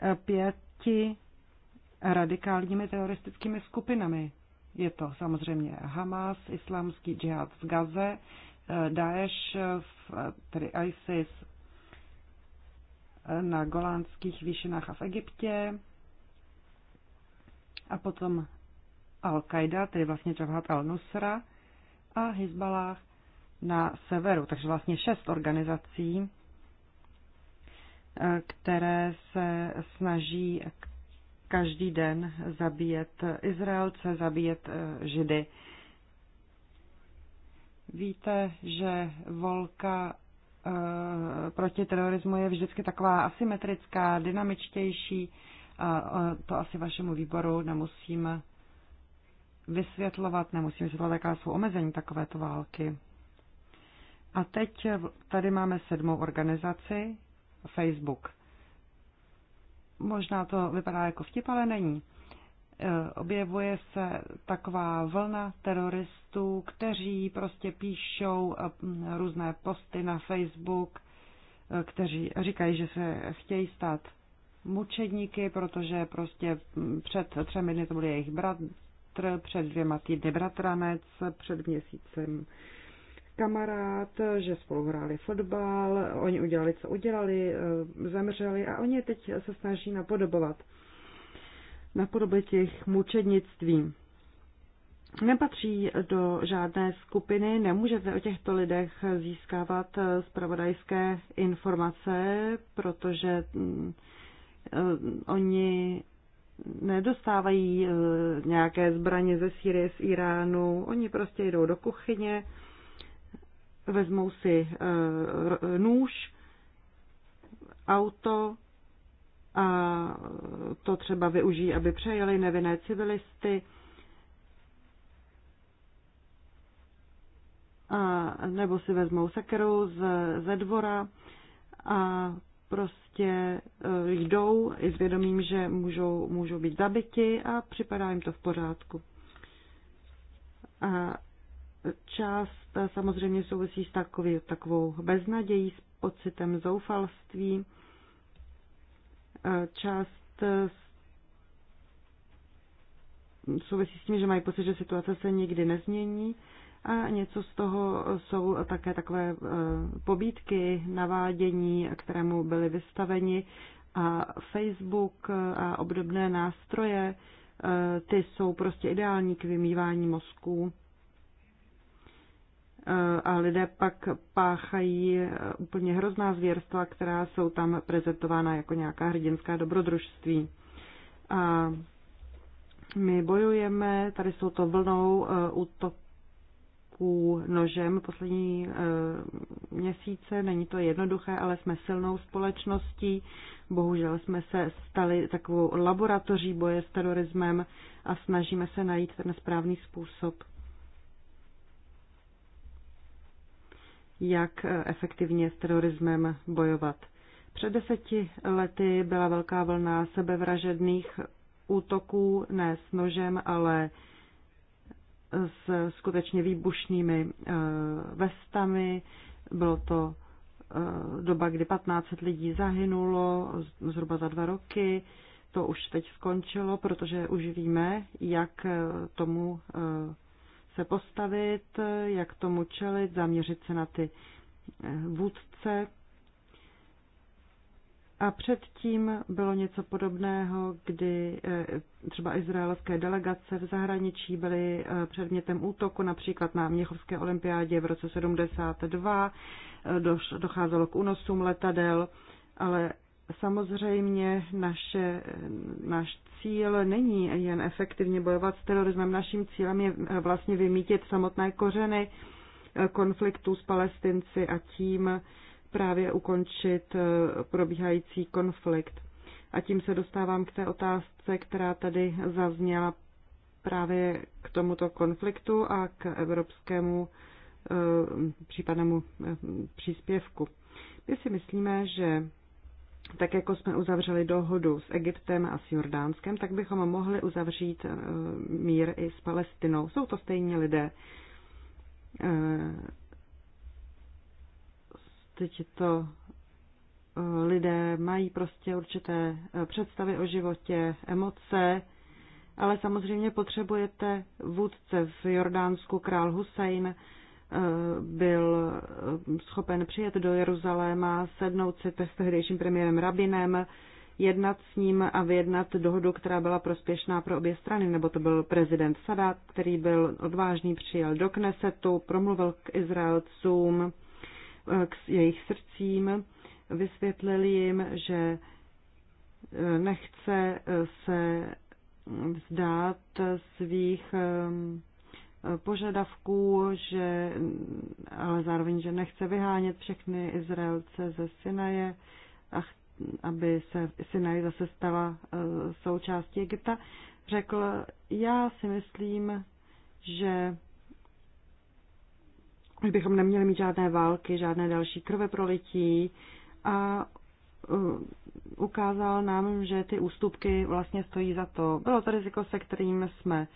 eh, pěti radikálními teroristickými skupinami. Je to samozřejmě Hamas, islámský džihad v Gaze, eh, Daesh, eh, tedy ISIS na golánských výšinách a v Egyptě a potom Al-Qaida, tedy vlastně Jabhat al-Nusra a Hezbalah na severu, takže vlastně šest organizací, eh, které se snaží každý den zabíjet Izraelce, zabíjet eh, Židy. Víte, že volka eh, proti terorismu je vždycky taková asymetrická, dynamičtější. A to asi vašemu výboru nemusím vysvětlovat, nemusím vysvětlovat, jaká jsou omezení takovéto války. A teď tady máme sedmou organizaci, Facebook. Možná to vypadá jako vtip, ale není. E, objevuje se taková vlna teroristů, kteří prostě píšou e, různé posty na Facebook, e, kteří říkají, že se chtějí stát mučedníky, protože prostě před třemi dny to byl jejich bratr, před dvěma týdny bratranec, před měsícem kamarád, že spolu hráli fotbal, oni udělali, co udělali, eh, zemřeli a oni teď se snaží napodobovat. Napodobit těch mučednictví. Nepatří do žádné skupiny, nemůžete o těchto lidech získávat eh, zpravodajské informace, protože mm, eh, oni nedostávají nějaké zbraně ze Sýrie, z Iránu, oni prostě jdou do kuchyně, vezmou si eh, eh, nůž, auto a eh, to třeba využijí, aby přejeli nevinné civilisty. A, nebo si vezmou sekeru z, ze dvora a prostě jdou i s vědomím, že můžou, můžou být zabiti a připadá jim to v pořádku. A část samozřejmě souvisí s takový, takovou beznadějí, s pocitem zoufalství, eh, část eh, souvisí s tím, že mají pocit, že situace se nikdy nezmění a něco z toho jsou také takové eh, pobídky, navádění, kterému byly vystaveni a Facebook a obdobné nástroje, ty jsou prostě ideální k vymývání mozků a lidé pak páchají eh, úplně hrozná zvěrstva, která jsou tam prezentována jako nějaká hrdinská dobrodružství. A my bojujeme tady s touto vlnou eh, útoků nožem poslední eh, měsíce. Není to jednoduché, ale jsme silnou společností. Bohužel jsme se stali takovou laboratoří boje s terorismem a snažíme se najít ten správný způsob jak eh, efektivně s terorismem bojovat. Před deseti lety byla velká vlna sebevražedných útoků, ne s nožem, ale s skutečně výbušnými eh, vestami. Bylo to eh, doba, kdy 15 lidí zahynulo zhruba za dva roky. To už teď skončilo, protože už víme, jak tomu se postavit, jak tomu čelit, zaměřit se na ty eh, vůdce. A předtím bylo něco podobného, kdy eh, třeba izraelské delegace v zahraničí byly eh, předmětem útoku, například na Měchovské olympiádě v roce 72, docházelo k unosům letadel, ale Samozřejmě naše, náš cíl není jen efektivně bojovat s terorismem. Naším cílem je vlastně vymítit samotné kořeny konfliktu s Palestinci a tím právě ukončit probíhající konflikt. A tím se dostávám k té otázce, která tady zazněla právě k tomuto konfliktu a k evropskému eh, případnému eh, příspěvku. My si myslíme, že tak jako jsme uzavřeli dohodu s Egyptem a s Jordánskem, tak bychom mohli uzavřít eh, mír i s Palestinou. Jsou to stejní lidé. Eh, teď to eh, lidé mají prostě určité představy o životě, emoce, ale samozřejmě potřebujete vůdce v Jordánsku, král Hussein, byl eh, schopen přijet do Jeruzaléma, sednout si s tehdejším premiérem Rabinem, jednat s ním a vyjednat dohodu, která byla prospěšná pro obě strany, nebo to byl prezident Sadat, který byl odvážný, přijel do Knesetu, promluvil k Izraelcům, eh, k jejich srdcím, vysvětlil jim, že eh, nechce se vzdát svých požadavků, že, ale zároveň, že nechce vyhánět všechny Izraelce ze Sinaje a aby se Sinaj zase stala eh, součástí Egypta, řekl, já si myslím, že bychom neměli mít žádné války, žádné další krve prolití a eh, ukázal nám, že ty ústupky vlastně stojí za to. Bylo to riziko, se kterým jsme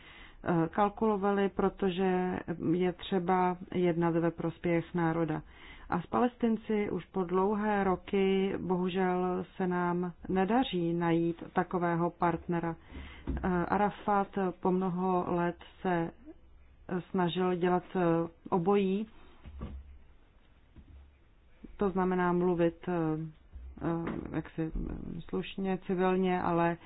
kalkulovali, protože je třeba jednat ve prospěch národa. A s Palestinci už po dlouhé roky bohužel se nám nedaří najít takového partnera. Arafat po mnoho let se snažil dělat obojí, to znamená mluvit eh, jak si eh, slušně, civilně, ale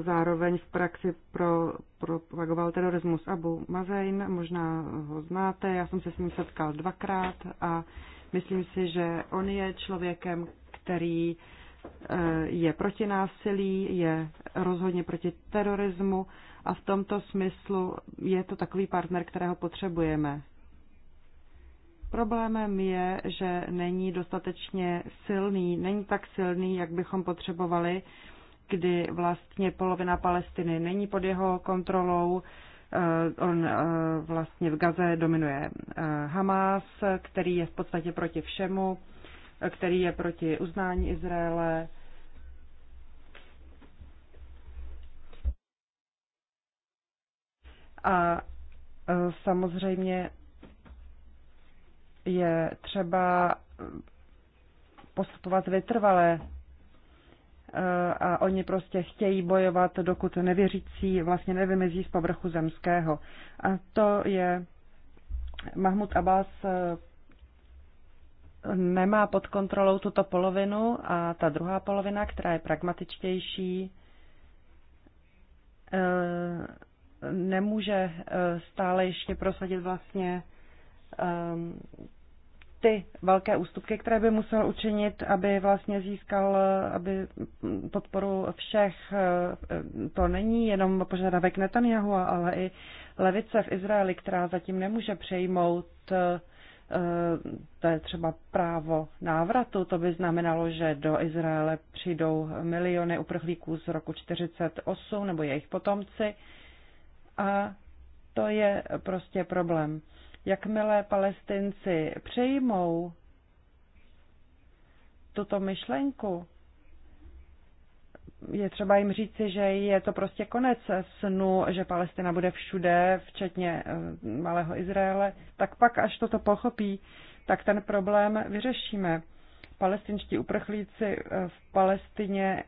zároveň v praxi pro, propagoval terorismus Abu Mazein, možná ho znáte, já jsem se s ním setkal dvakrát a myslím si, že on je člověkem, který eh, je proti násilí, je rozhodně proti terorismu a v tomto smyslu je to takový partner, kterého potřebujeme. Problémem je, že není dostatečně silný, není tak silný, jak bychom potřebovali, kdy vlastně polovina Palestiny není pod jeho kontrolou. Eh, on eh, vlastně v Gaze dominuje eh, Hamas, který je v podstatě proti všemu, který je proti uznání Izraele. A samozřejmě je třeba postupovat vytrvale a oni prostě chtějí bojovat, dokud nevěřící vlastně nevymizí z povrchu zemského. A to je Mahmud Abbas eh, nemá pod kontrolou tuto polovinu a ta druhá polovina, která je pragmatičtější, eh, nemůže eh, stále ještě prosadit vlastně ty velké ústupky, které by musel učinit, aby vlastně získal aby podporu všech. To není jenom požadavek Netanyahu, ale i levice v Izraeli, která zatím nemůže přejmout eh, to je třeba právo návratu, to by znamenalo, že do Izraele přijdou miliony uprchlíků z roku 48 nebo jejich potomci a to je prostě problém. Jakmile palestinci přejmou tuto myšlenku, je třeba jim říci, že je to prostě konec snu, že Palestina bude všude, včetně eh, malého Izraele, tak pak, až toto pochopí, tak ten problém vyřešíme. Palestinští uprchlíci eh, v Palestině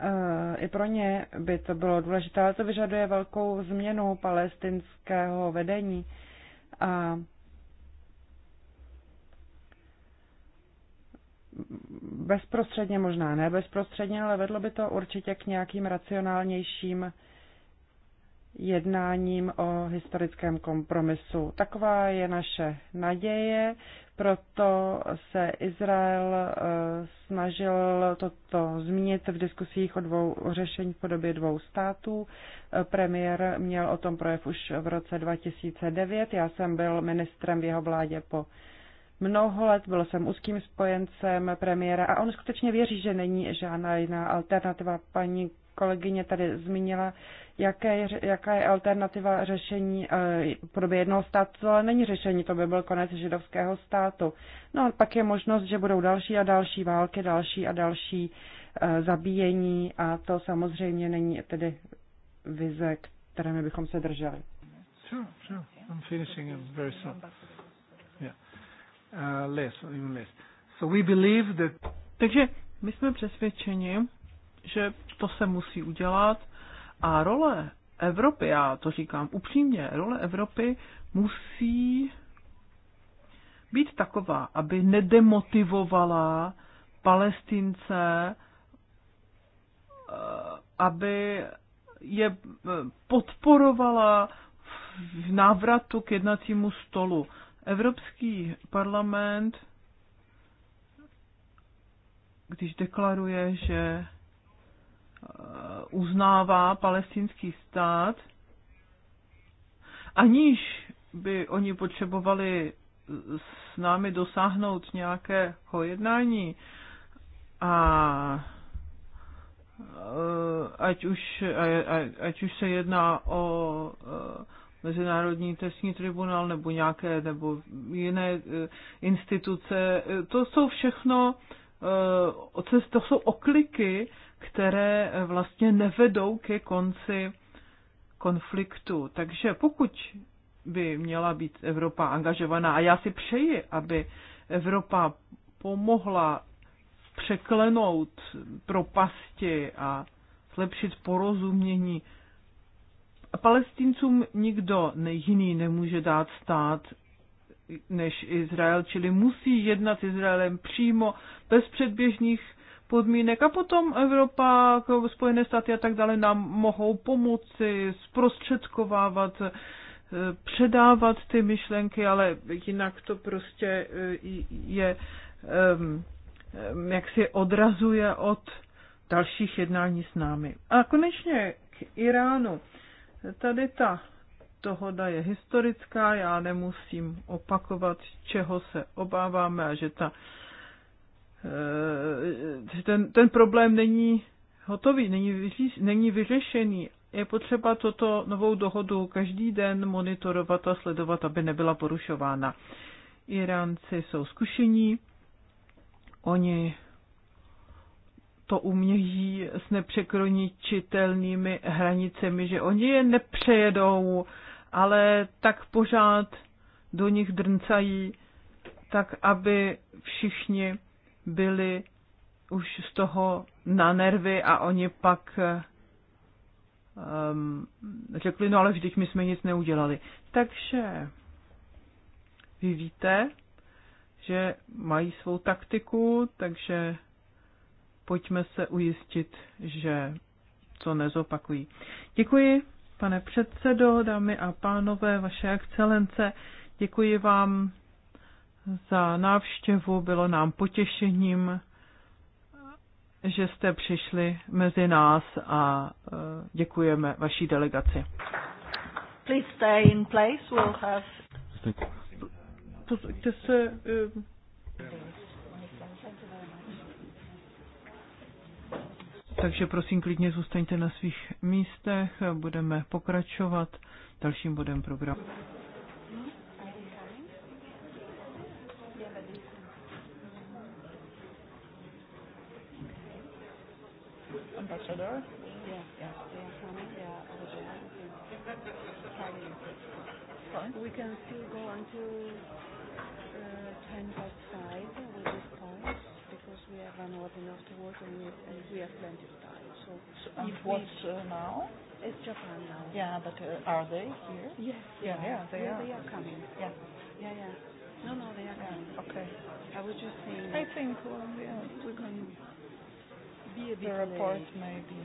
Eh, i pro ně by to bylo důležité, ale to vyžaduje velkou změnu palestinského vedení. A bezprostředně, možná ne bezprostředně, ale vedlo by to určitě k nějakým racionálnějším jednáním o historickém kompromisu. Taková je naše naděje. Proto se Izrael eh, snažil toto zmínit v diskusích o, dvou, o řešení v podobě dvou států. Eh, premiér měl o tom projev už v roce 2009. Já jsem byl ministrem v jeho vládě po mnoho let, byl jsem úzkým spojencem premiéra a on skutečně věří, že není žádná jiná alternativa. Paní kolegyně tady zmínila, jaké jaká je alternativa řešení eh, podobě jednoho státu, to ale není řešení, to by byl konec židovského státu. No a pak je možnost, že budou další a další války, další a další eh, zabíjení a to samozřejmě není tedy vize, které my bychom se drželi. Uh, Takže my jsme přesvědčeni, že to se musí udělat a role Evropy, já to říkám upřímně, role Evropy musí být taková, aby nedemotivovala palestince, eh, aby je eh, podporovala v návratu k jednacímu stolu. Evropský parlament, když deklaruje, že Eh, uznává palestinský stát, aniž by oni potřebovali s námi dosáhnout nějakého jednání a eh, ať už, ať už se jedná o eh, Mezinárodní trestní tribunál nebo nějaké nebo jiné instituce, to jsou všechno to jsou okliky, které eh, vlastně nevedou ke konci konfliktu. Takže pokud by měla být Evropa angažovaná, a já si přeji, aby Evropa pomohla překlenout propasti a zlepšit porozumění. Palestincům nikdo jiný nemůže dát stát než Izrael, čili musí jednat s Izraelem přímo, bez předběžných podmínek a potom Evropa, Spojené státy a tak dále nám mohou pomoci zprostředkovávat, eh, předávat ty myšlenky, ale jinak to prostě eh, je, ehm, ehm, jak si odrazuje od dalších jednání s námi. A konečně k Iránu. Tady ta dohoda je historická, já nemusím opakovat, čeho se obáváme a že ta ten, ten problém není hotový, není, není vyřešený. Je potřeba toto novou dohodu každý den monitorovat a sledovat, aby nebyla porušována. Iránci jsou zkušení, oni to umějí s nepřekroničitelnými hranicemi, že oni je nepřejedou, ale tak pořád do nich drncají, tak aby všichni byli už z toho na nervy a oni pak um, řekli, no ale vždyť my jsme nic neudělali. Takže vy víte, že mají svou taktiku, takže pojďme se ujistit, že co nezopakují. Děkuji, pane předsedo, dámy a pánové, vaše excelence, děkuji vám za návštěvu, bylo nám potěšením že jste přišli mezi nás a e, děkujeme vaší delegaci. Please stay in place. We'll have... se... E, Takže prosím, klidně zůstaňte na svých místech, budeme pokračovat dalším bodem programu. ambassador? Yeah. Yeah. They are coming. They are Fine. We can still go until uh, ten past five with this point because we have an order enough to work and we, and we have plenty of time. So, so and if what's we, uh, now? It's Japan now. Yeah, but uh, are they here? Yes. Yeah, yeah, they yeah, are. They are coming. Yeah. Yeah, yeah. No, no, they are coming. okay. I was just saying. I think um, yeah, we're going be a bit the report late. maybe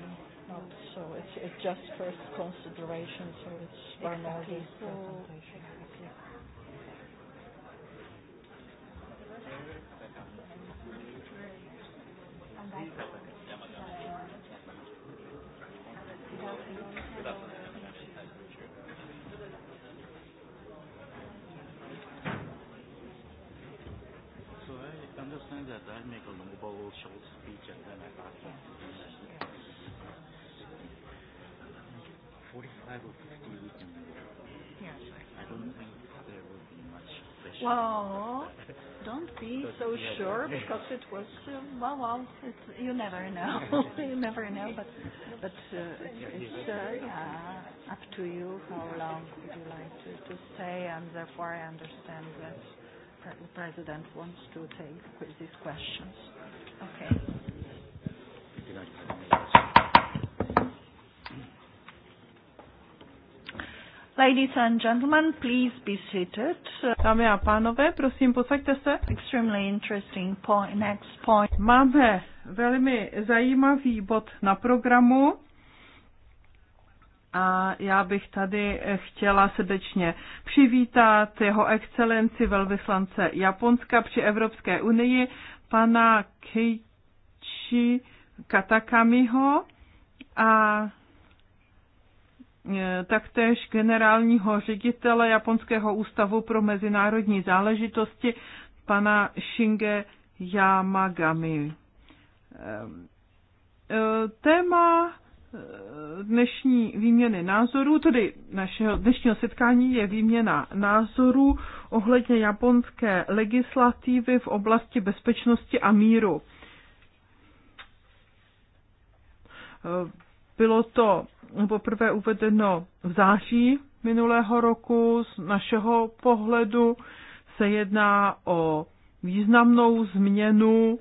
not so it's it's just first consideration so it's Bernardi's exactly. so presentation. Exactly. And that's that I make a noble short speech and then I to 45 or 50 we can do. I don't think there will be much pressure. Well, don't be so sure because it was, uh, well, well, it's, you never know. [laughs] you never know, but, but uh, it's, it's uh, yeah, up to you how long would you like to, to stay and therefore I understand that the President wants to take these questions. Okay. Ladies and gentlemen, please be seated. Dámy a pánové, prosím, posaďte se. Extremely interesting point, next point. Máme velmi zajímavý bod na programu a já bych tady chtěla srdečně přivítat jeho excelenci velvyslance Japonska při Evropské unii, pana Keiichi Katakamiho a e, taktéž generálního ředitele Japonského ústavu pro mezinárodní záležitosti, pana Shinge Yamagami. E, e, téma Eh, dnešní výměny názorů, tedy našeho dnešního setkání je výměna názorů ohledně japonské legislativy v oblasti bezpečnosti a míru. Eh, bylo to poprvé uvedeno v září minulého roku. Z našeho pohledu se jedná o významnou změnu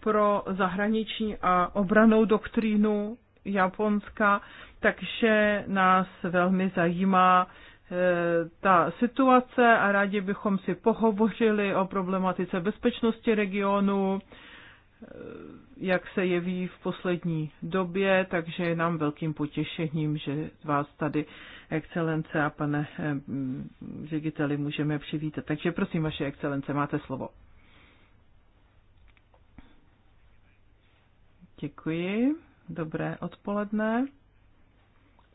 pro zahraniční a obranou doktrínu Japonska, takže nás velmi zajímá e, ta situace a rádi bychom si pohovořili o problematice bezpečnosti regionu, e, jak se jeví v poslední době, takže je nám velkým potěšením, že vás tady, excelence a pane e, řediteli, můžeme přivítat. Takže prosím, vaše excelence, máte slovo. Děkuji. Dobré odpoledne.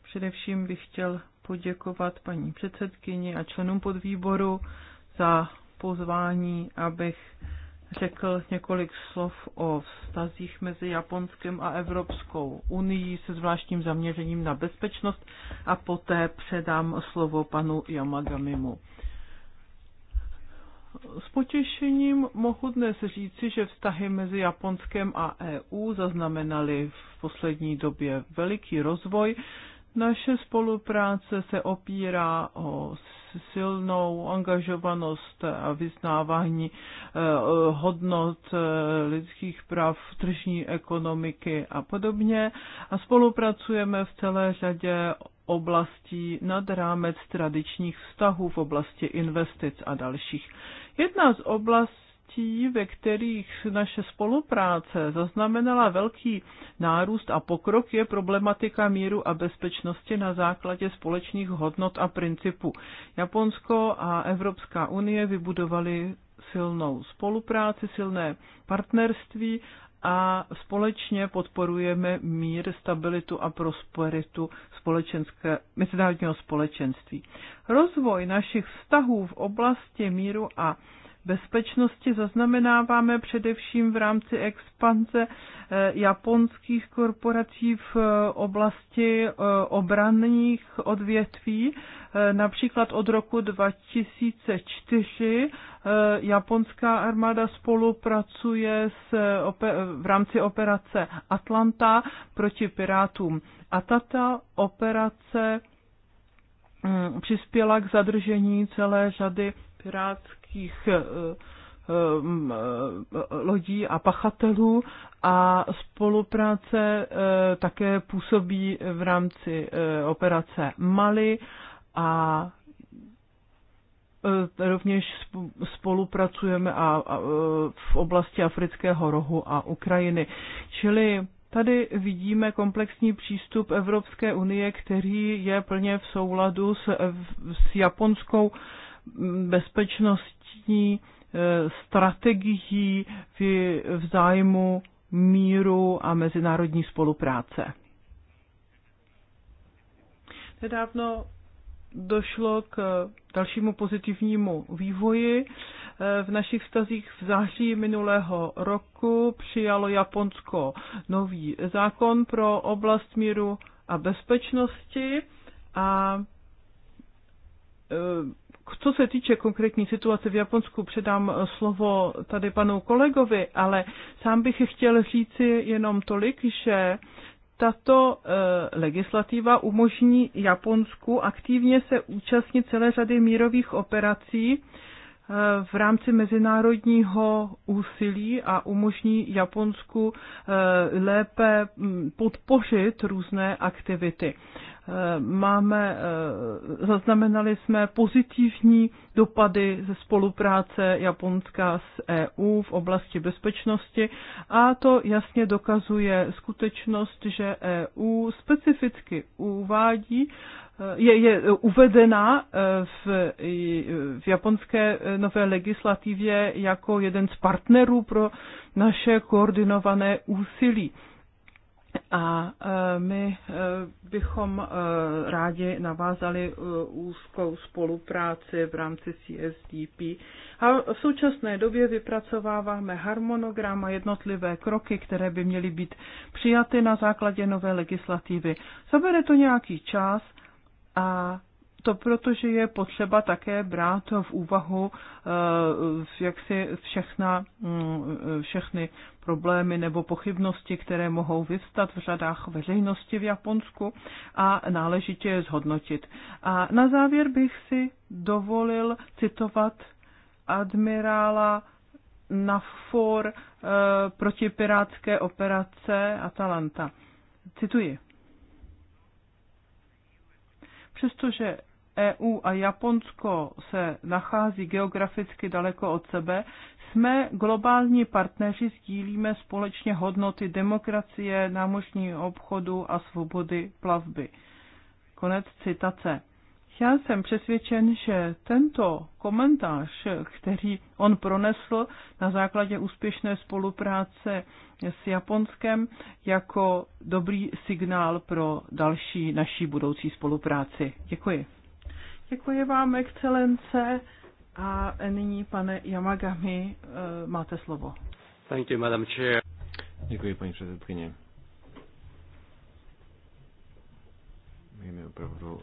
Především bych chtěl poděkovat paní předsedkyni a členům podvýboru za pozvání, abych řekl několik slov o vztazích mezi Japonskem a Evropskou unii se zvláštním zaměřením na bezpečnost a poté předám slovo panu Yamagamimu. S potěšením mohu dnes říci, že vztahy mezi Japonskem a EU zaznamenaly v poslední době veliký rozvoj. Naše spolupráce se opírá o silnou angažovanost a vyznávání eh, hodnot eh, lidských práv, tržní ekonomiky a podobně. A spolupracujeme v celé řadě oblastí nad rámec tradičních vztahů v oblasti investic a dalších. Jedna z oblastí, ve kterých naše spolupráce zaznamenala velký nárůst a pokrok, je problematika míru a bezpečnosti na základě společných hodnot a principů. Japonsko a Evropská unie vybudovali silnou spolupráci, silné partnerství a společně podporujeme mír, stabilitu a prosperitu společenské, mezinárodního společenství. Rozvoj našich vztahů v oblasti míru a bezpečnosti zaznamenáváme především v rámci expanze eh, japonských korporací v eh, oblasti eh, obranných odvětví. Například od roku 2004 japonská armáda spolupracuje s, v rámci operace Atlanta proti pirátům. A tato operace mm, přispěla k zadržení celé řady pirátských vojenských eh, eh, eh, lodí a pachatelů a spolupráce také působí v rámci operace Mali a rovněž spolupracujeme a, a, v oblasti Afrického rohu a Ukrajiny. Čili tady vidíme komplexní přístup Evropské unie, který je plně v souladu s, s japonskou mm, bezpečností vlastní eh, strategií v zájmu míru a mezinárodní spolupráce. Nedávno došlo k dalšímu pozitivnímu vývoji. Eh, v našich vztazích v září minulého roku přijalo Japonsko nový zákon pro oblast míru a bezpečnosti a eh, co se týče konkrétní situace v Japonsku, předám eh, slovo tady panu kolegovi, ale sám bych chtěl říci jenom tolik, že tato eh, legislativa umožní Japonsku aktivně se účastnit celé řady mírových operací eh, v rámci mezinárodního úsilí a umožní Japonsku lépe mm, podpořit různé aktivity. Eh, máme, eh, zaznamenali jsme pozitivní dopady ze spolupráce Japonska s EU v oblasti bezpečnosti a to jasně dokazuje skutečnost, že EU specificky uvádí eh, je, je uvedena v, v japonské nové legislativě jako jeden z partnerů pro naše koordinované úsilí a e, my e, bychom e, rádi navázali úzkou spolupráci v rámci CSDP. A v současné době vypracováváme harmonogram a jednotlivé kroky, které by měly být přijaty na základě nové legislativy. Zabere to nějaký čas a to protože je potřeba také brát v úvahu eh, jak si všechna, mm, všechny problémy nebo pochybnosti, které mohou vyvstat v řadách veřejnosti v Japonsku a náležitě je zhodnotit. A na závěr bych si dovolil citovat admirála for eh, proti pirátské operace Atalanta. Cituji. Přestože EU a Japonsko se nachází geograficky daleko od sebe, jsme globální partneři, sdílíme společně hodnoty demokracie, námořní obchodu a svobody plavby. Konec citace. Já jsem přesvědčen, že tento komentář, který on pronesl na základě úspěšné spolupráce s Japonskem, jako dobrý signál pro další naší budoucí spolupráci. Děkuji. Děkuji vám, excelence. A nyní, pane Yamagami, eh, máte slovo. Thank you, Madam Chair. Děkuji, paní předsedkyně. Je mi opravdu uh,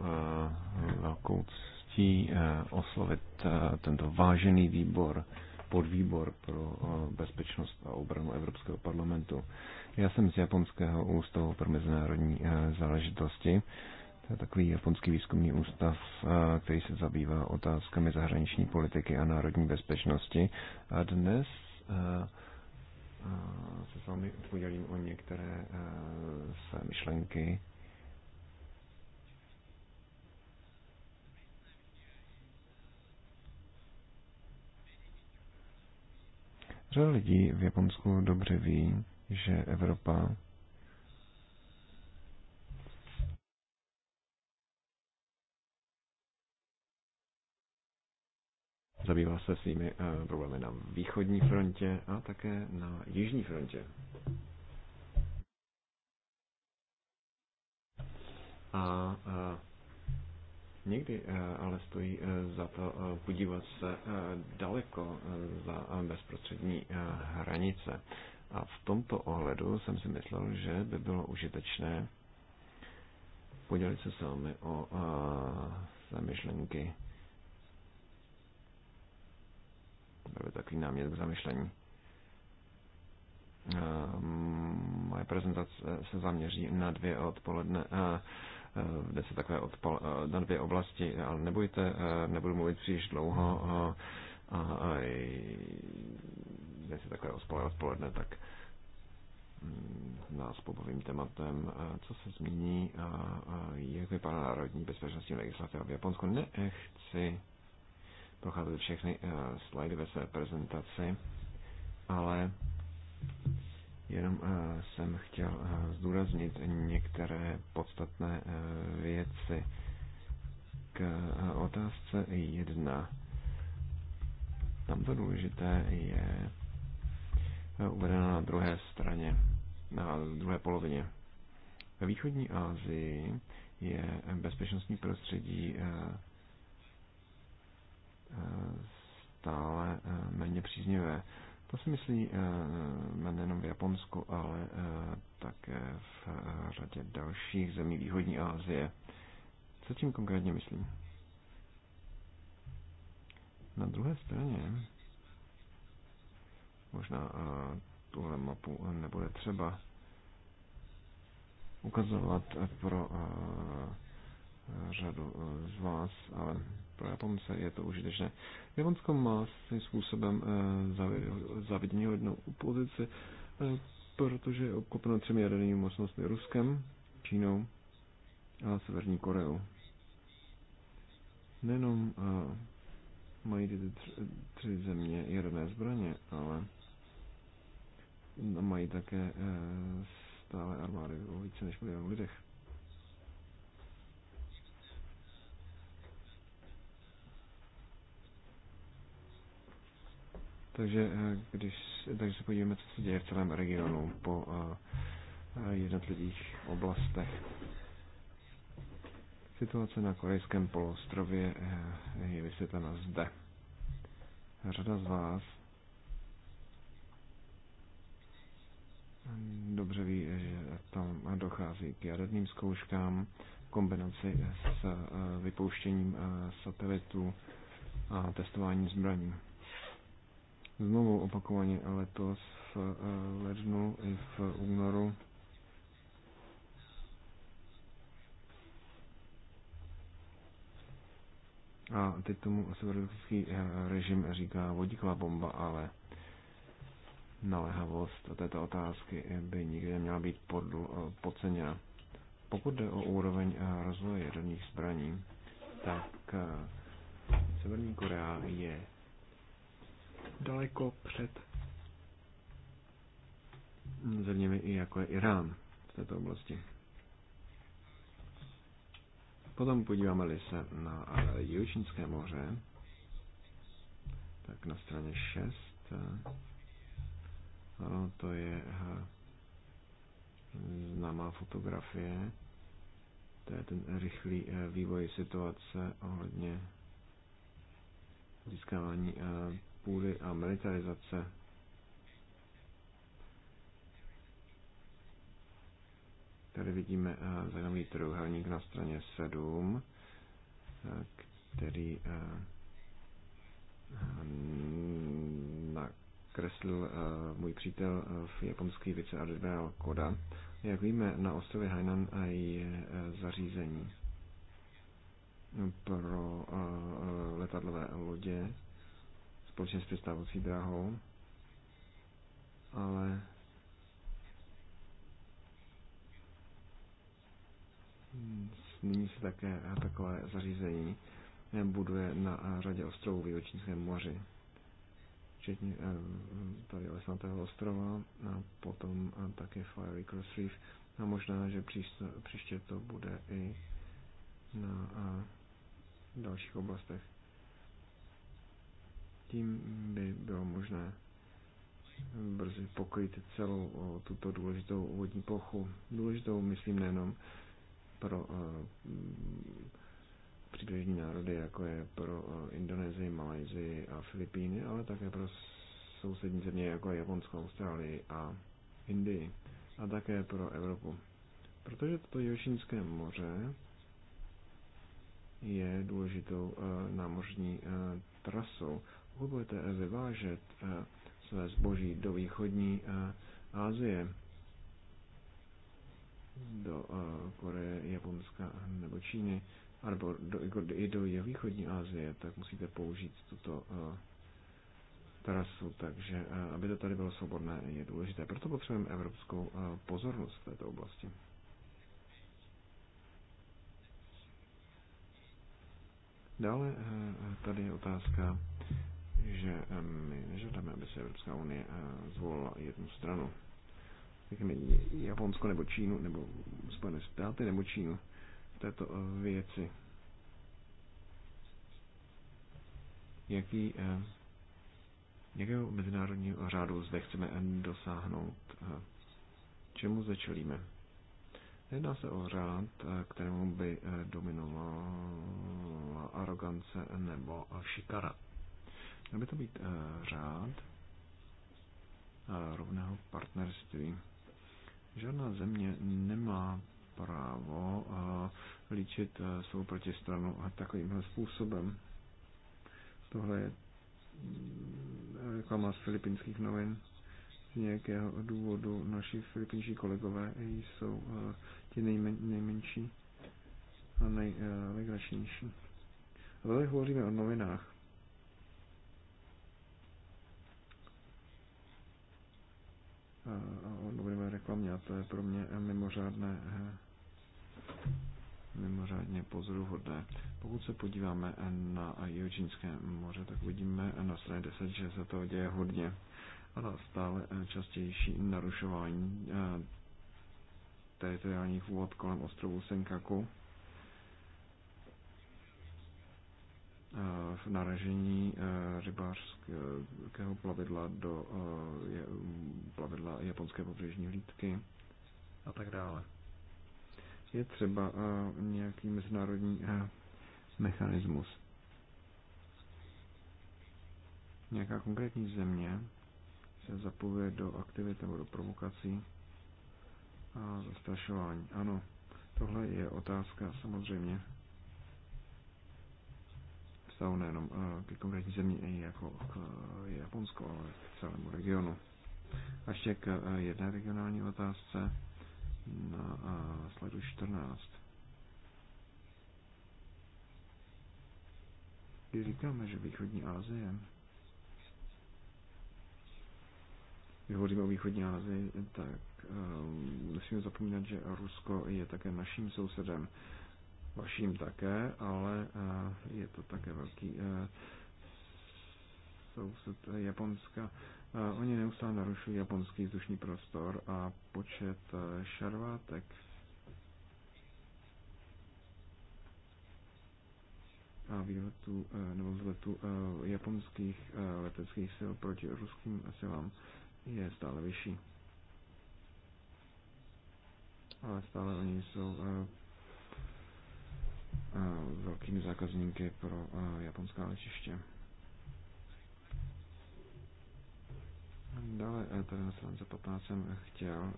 velkou ctí uh, oslovit uh, tento vážený výbor, podvýbor pro uh, bezpečnost a obranu Evropského parlamentu. Já jsem z Japonského ústavu pro mezinárodní uh, záležitosti. Uh, takový japonský výzkumný ústav, eh, který se zabývá otázkami zahraniční politiky a národní bezpečnosti. A dnes eh, eh, se s vámi podělím o některé své myšlenky. Řada lidí v Japonsku dobře ví, že Evropa Zabývá se svými eh, problémy na východní frontě a také na jižní frontě. A, a eh, někdy eh, ale stojí za to podívat se daleko za bezprostřední hranice. A v tomto ohledu jsem si myslel, že by bylo užitečné podělit se s vámi o své myšlenky byl takový námět k zamyšlení. Eh, moje prezentace se zaměří na dvě odpoledne eh, eh, kde se takové odpal, na dvě oblasti, ale nebojte, nebudu mluvit příliš dlouho a, uh, a se takové odpoledne, odpoledne, tak mm, nás pobavím tématem, co se změní a, a jak vypadá národní bezpečnostní legislativa v Japonsku. Nechci procházet všechny eh, slajdy ve své prezentaci, ale jenom eh, jsem chtěl eh, zdůraznit některé podstatné věci k otázce jedna. Tam to důležité je uvedeno na druhé straně, na druhé polovině. Ve východní Asii je bezpečnostní prostředí stále eh, méně příznivé. To si myslí eh, nejenom v Japonsku, ale eh, také v řadě dalších zemí východní Asie. Co tím konkrétně myslím? Na druhé straně možná tuhle mapu nebude třeba ukazovat pro řadu z vás, ale pro Japonce je to užitečné. Japonsko má svým způsobem eh, závidění hodnou pozici, eh, protože je obkopeno třemi jadernými mocnostmi Ruskem, Čínou a Severní Koreou. Nejenom eh, mají ty tři země jaderné zbraně, ale mají také stále armády o více než milionů lidech. Takže, eh, když, takže se podíváme, co se děje v celém regionu po eh, eh, jednotlivých oblastech. Situace na korejském poloostrově je vysvětlena zde. Řada z vás dobře ví, že tam dochází k jaderným zkouškám, kombinaci s vypouštěním satelitů a testováním zbraní znovu opakovaně letos v eh, lednu i v únoru. A teď tomu severoatlantický eh, režim říká vodíková bomba, ale naléhavost této otázky by nikdy neměla být eh, podceněna. Pokud jde o úroveň rozvoje jaderných zbraní, tak Severní Korea je daleko před zeměmi, i jako je Irán v této oblasti. Potom podíváme-li se na Jihočínské moře, tak na straně 6, ano, to je eh, známá fotografie, to je ten rychlý eh, vývoj situace ohledně získávání eh, půdy a militarizace. Tady vidíme eh, zajímavý trojuhelník na straně 7, eh, který eh, nakreslil můj přítel v japonský viceadmirál Koda. Jak víme, na ostrově Hainan je zařízení pro letadlové lodě společně s přestávací dráhou, ale nyní se také takové zařízení buduje na řadě ostrovů v Jihočínském moři, včetně eh, tady Lesnatého ostrova a potom eh, také Fiery Cross Reef a možná, že příště, příště to bude i na eh, dalších oblastech tím by bylo možné brzy pokryt celou tuto důležitou úvodní plochu. Důležitou myslím nejenom pro mm, příbřežní národy, jako je pro Indonésii, Malajzii a Filipíny, ale také pro sousední země, jako je Japonsko, Austrálii a Indii. A také pro Evropu. Protože toto Jošínské moře je důležitou e, námořní e, trasou budete vyvážet eh, své zboží do východní eh, Asie, do eh, Koreje, Japonska nebo Číny, nebo jako i do východní Asie, tak musíte použít tuto trasu, takže aby to tady bylo svobodné, je důležité. Proto potřebujeme evropskou pozornost v této oblasti. Dále tady je otázka že my nežádáme, aby se Evropská unie eh, zvolila jednu stranu. Řekněme Japonsko nebo Čínu, nebo Spojené státy nebo Čínu v této eh, věci. Jaký, eh, jakého mezinárodního řádu zde chceme dosáhnout? Čemu začelíme? Jedná se o řád, kterému by dominovala arogance nebo šikara. Měl by to být uh, řád uh, rovného partnerství. Žádná země nemá právo uh, líčit uh, svou protistranu takovýmhle způsobem. Tohle je mm, reklama z filipínských novin. Z nějakého důvodu naši filipínští kolegové jsou uh, ti nejmen, nejmenší a nejlegračnější. Uh, ale tady hovoříme o novinách. o dobré reklamě a to je pro mě mimořádné eh, mimořádně pozoruhodné. Pokud se podíváme eh, na Jihočínské moře, tak vidíme eh, na straně 10, že se to děje hodně a na stále častější narušování teritoriálních vůd kolem ostrovu Senkaku v eh, naražení eh, rybářského plavidla do eh, mm, plavidla japonské pobřežní hlídky a tak dále. Je třeba nějaký mezinárodní mechanismus. Nějaká konkrétní země se zapojuje do aktivit nebo do provokací a zastrašování. Ano, tohle je otázka samozřejmě vztahu nejenom eh, ke konkrétní zemi, jako k eh, Japonsko, ale k celému regionu. A ještě k eh, jedné regionální otázce na sledu 14. Když říkáme, že východní Asie, když hovoříme o východní Asii, tak musíme zapomínat, že Rusko je také naším sousedem. Uh, vaším také, ale eh, je to také velký eh, soused Japonska. Eh, oni neustále narušují japonský vzdušný prostor a počet šarvátek a výletu nebo vzletu japonských leteckých sil proti ruským silám je stále vyšší. Ale stále oni jsou velkými zákazníky pro japonská letiště. Dále e, tady na stránce 15 jsem chtěl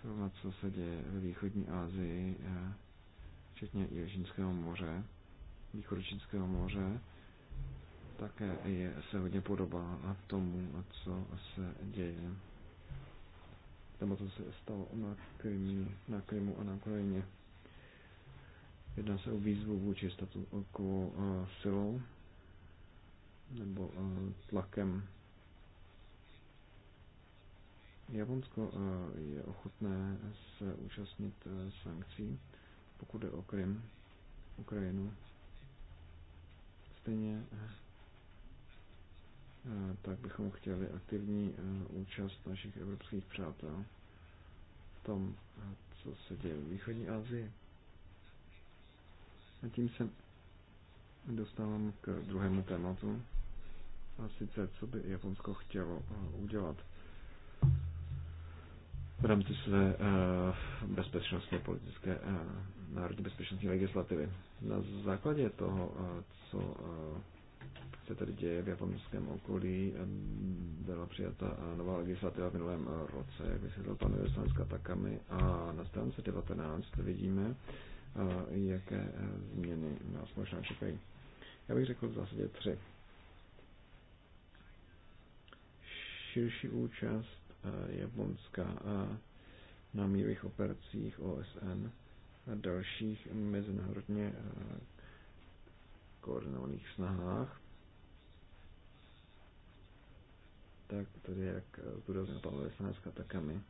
srovnat, co se děje ve východní Asii, e, včetně Jižinského moře, Východočínského moře, také je, se hodně podobá tomu, co se děje nebo co se stalo na Krymu, na Krymu a na Ukrajině. Jedná se o výzvu vůči statu uh, silou nebo tlakem. Japonsko je ochotné se účastnit sankcí, pokud je o Krym, Ukrajinu. Stejně tak bychom chtěli aktivní účast našich evropských přátel v tom, co se děje v východní Asii. A tím se dostávám k druhému tématu. A sice, co by Japonsko chtělo eh, udělat v rámci své eh, bezpečnostní politické, eh, národní bezpečnostní legislativy. Na základě toho, co se tady děje v japonském okolí, byla přijata nová legislativa v minulém roce, jak vysvětlil pan Veslanska Takami, a na stránce 19 vidíme, jaké eh, změny nás možná čekají. Já bych řekl v zásadě tři. Širší účast eh, Japonska na mírových operacích OSN a dalších mezinárodně eh, koordinovaných snahách. Tak tady, jak zdůraznil pan Vesnářka, tak a my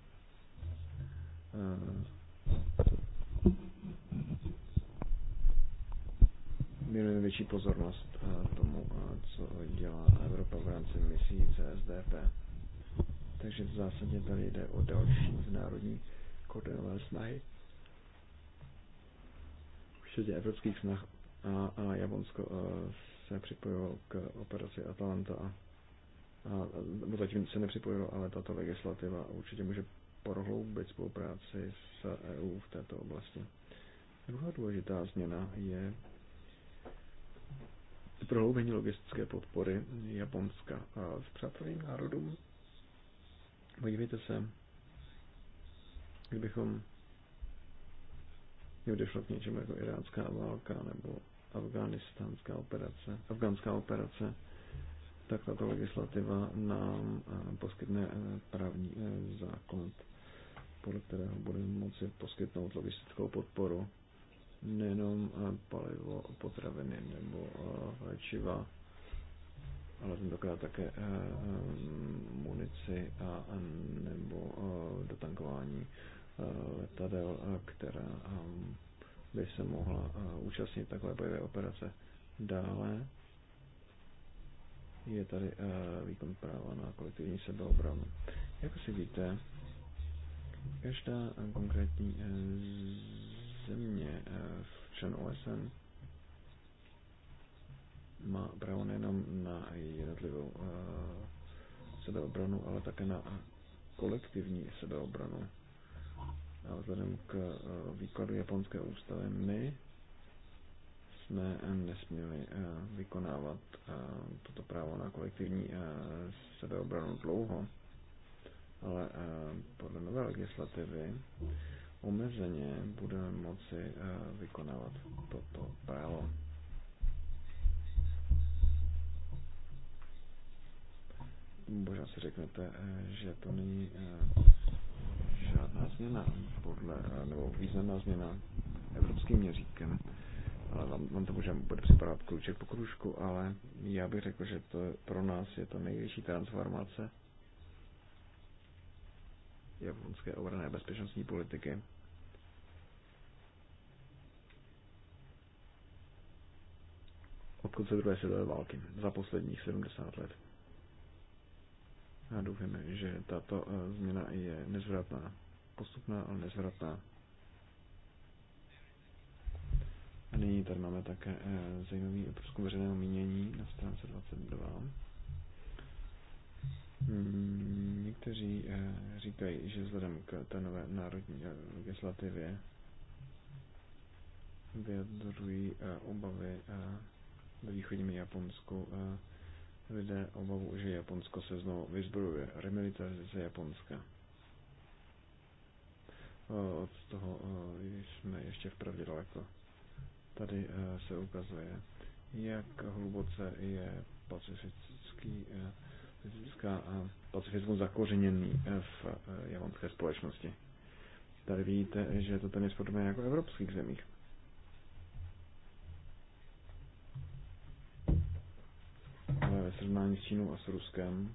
věnujeme větší pozornost eh, tomu, eh, co dělá Evropa v rámci misí CSDP. Takže v zásadě tady jde o další národní koordinované snahy Všetě evropských snah a, a Japonsko a, eh, se připojilo k operaci Atalanta a, a bo zatím se nepřipojilo, ale tato legislativa určitě může prohloubit spolupráci s EU v této oblasti. Druhá důležitá změna je prohloubení logistické podpory Japonska a s přátelým národům. Podívejte se, kdybychom kdyby došlo k něčemu jako irácká válka nebo afganistánská operace, afgánská operace, tak tato legislativa nám eh, poskytne eh, právní eh, základ, podle kterého budeme moci poskytnout logistickou podporu nejenom eh, palivo, potraviny nebo eh, léčiva, ale tentokrát také eh, munici a, a nebo dotankování letadel, která by se mohla účastnit takové bojové operace. Dále je tady výkon práva na kolektivní sebeobranu. Jak si víte, každá konkrétní země eh, člen OSN má právo nejenom na jednotlivou eh, sebeobranu, ale také na kolektivní sebeobranu. A vzhledem k eh, výkladu japonské ústavy my jsme nesměli vykonávat toto právo na kolektivní sebeobranu dlouho, ale podle nové legislativy omezeně budeme moci eh, vykonávat toto právo. Možná si řeknete, eh, že to není eh, žádná změna, podle, nebo významná změna evropským měříkem. Ale vám, vám to můžeme bude připadat kruček po kružku, ale já bych řekl, že to pro nás je to největší transformace japonské obrané bezpečnostní politiky. od konce druhé světové války za posledních 70 let. A doufáme, že tato eh, změna je nezvratná. Postupná, ale nezvratná. A nyní tady máme také eh, zajímavý průzkum veřejného mínění na stránce 22. Mm, někteří eh, říkají, že vzhledem k té nové národní eh, legislativě vyjadřují eh, obavy ve východním Japonsku lidé obavu, že Japonsko se znovu vyzbrojuje, remilitarizace Japonska. Od toho jsme ještě vpravdě daleko. Tady se ukazuje, jak hluboce je pacifický a eh, pacifismus zakořeněný eh, v eh, javonské společnosti. Tady vidíte, že je to téměř podobné jako v evropských zemích. Ale ve srovnání s Čínou a s Ruskem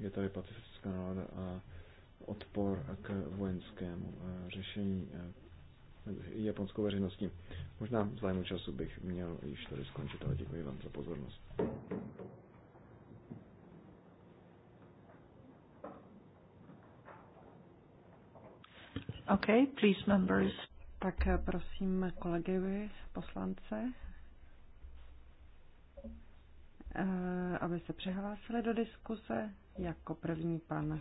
je tady pacifická nálada a odpor k vojenskému eh, řešení eh, japonskou veřejností. Možná v zájmu času bych měl již tady skončit, ale děkuji vám za pozornost. Okay, please members. Tak eh, prosím kolegy poslance, aby se přihlásili do diskuse. Jako první pan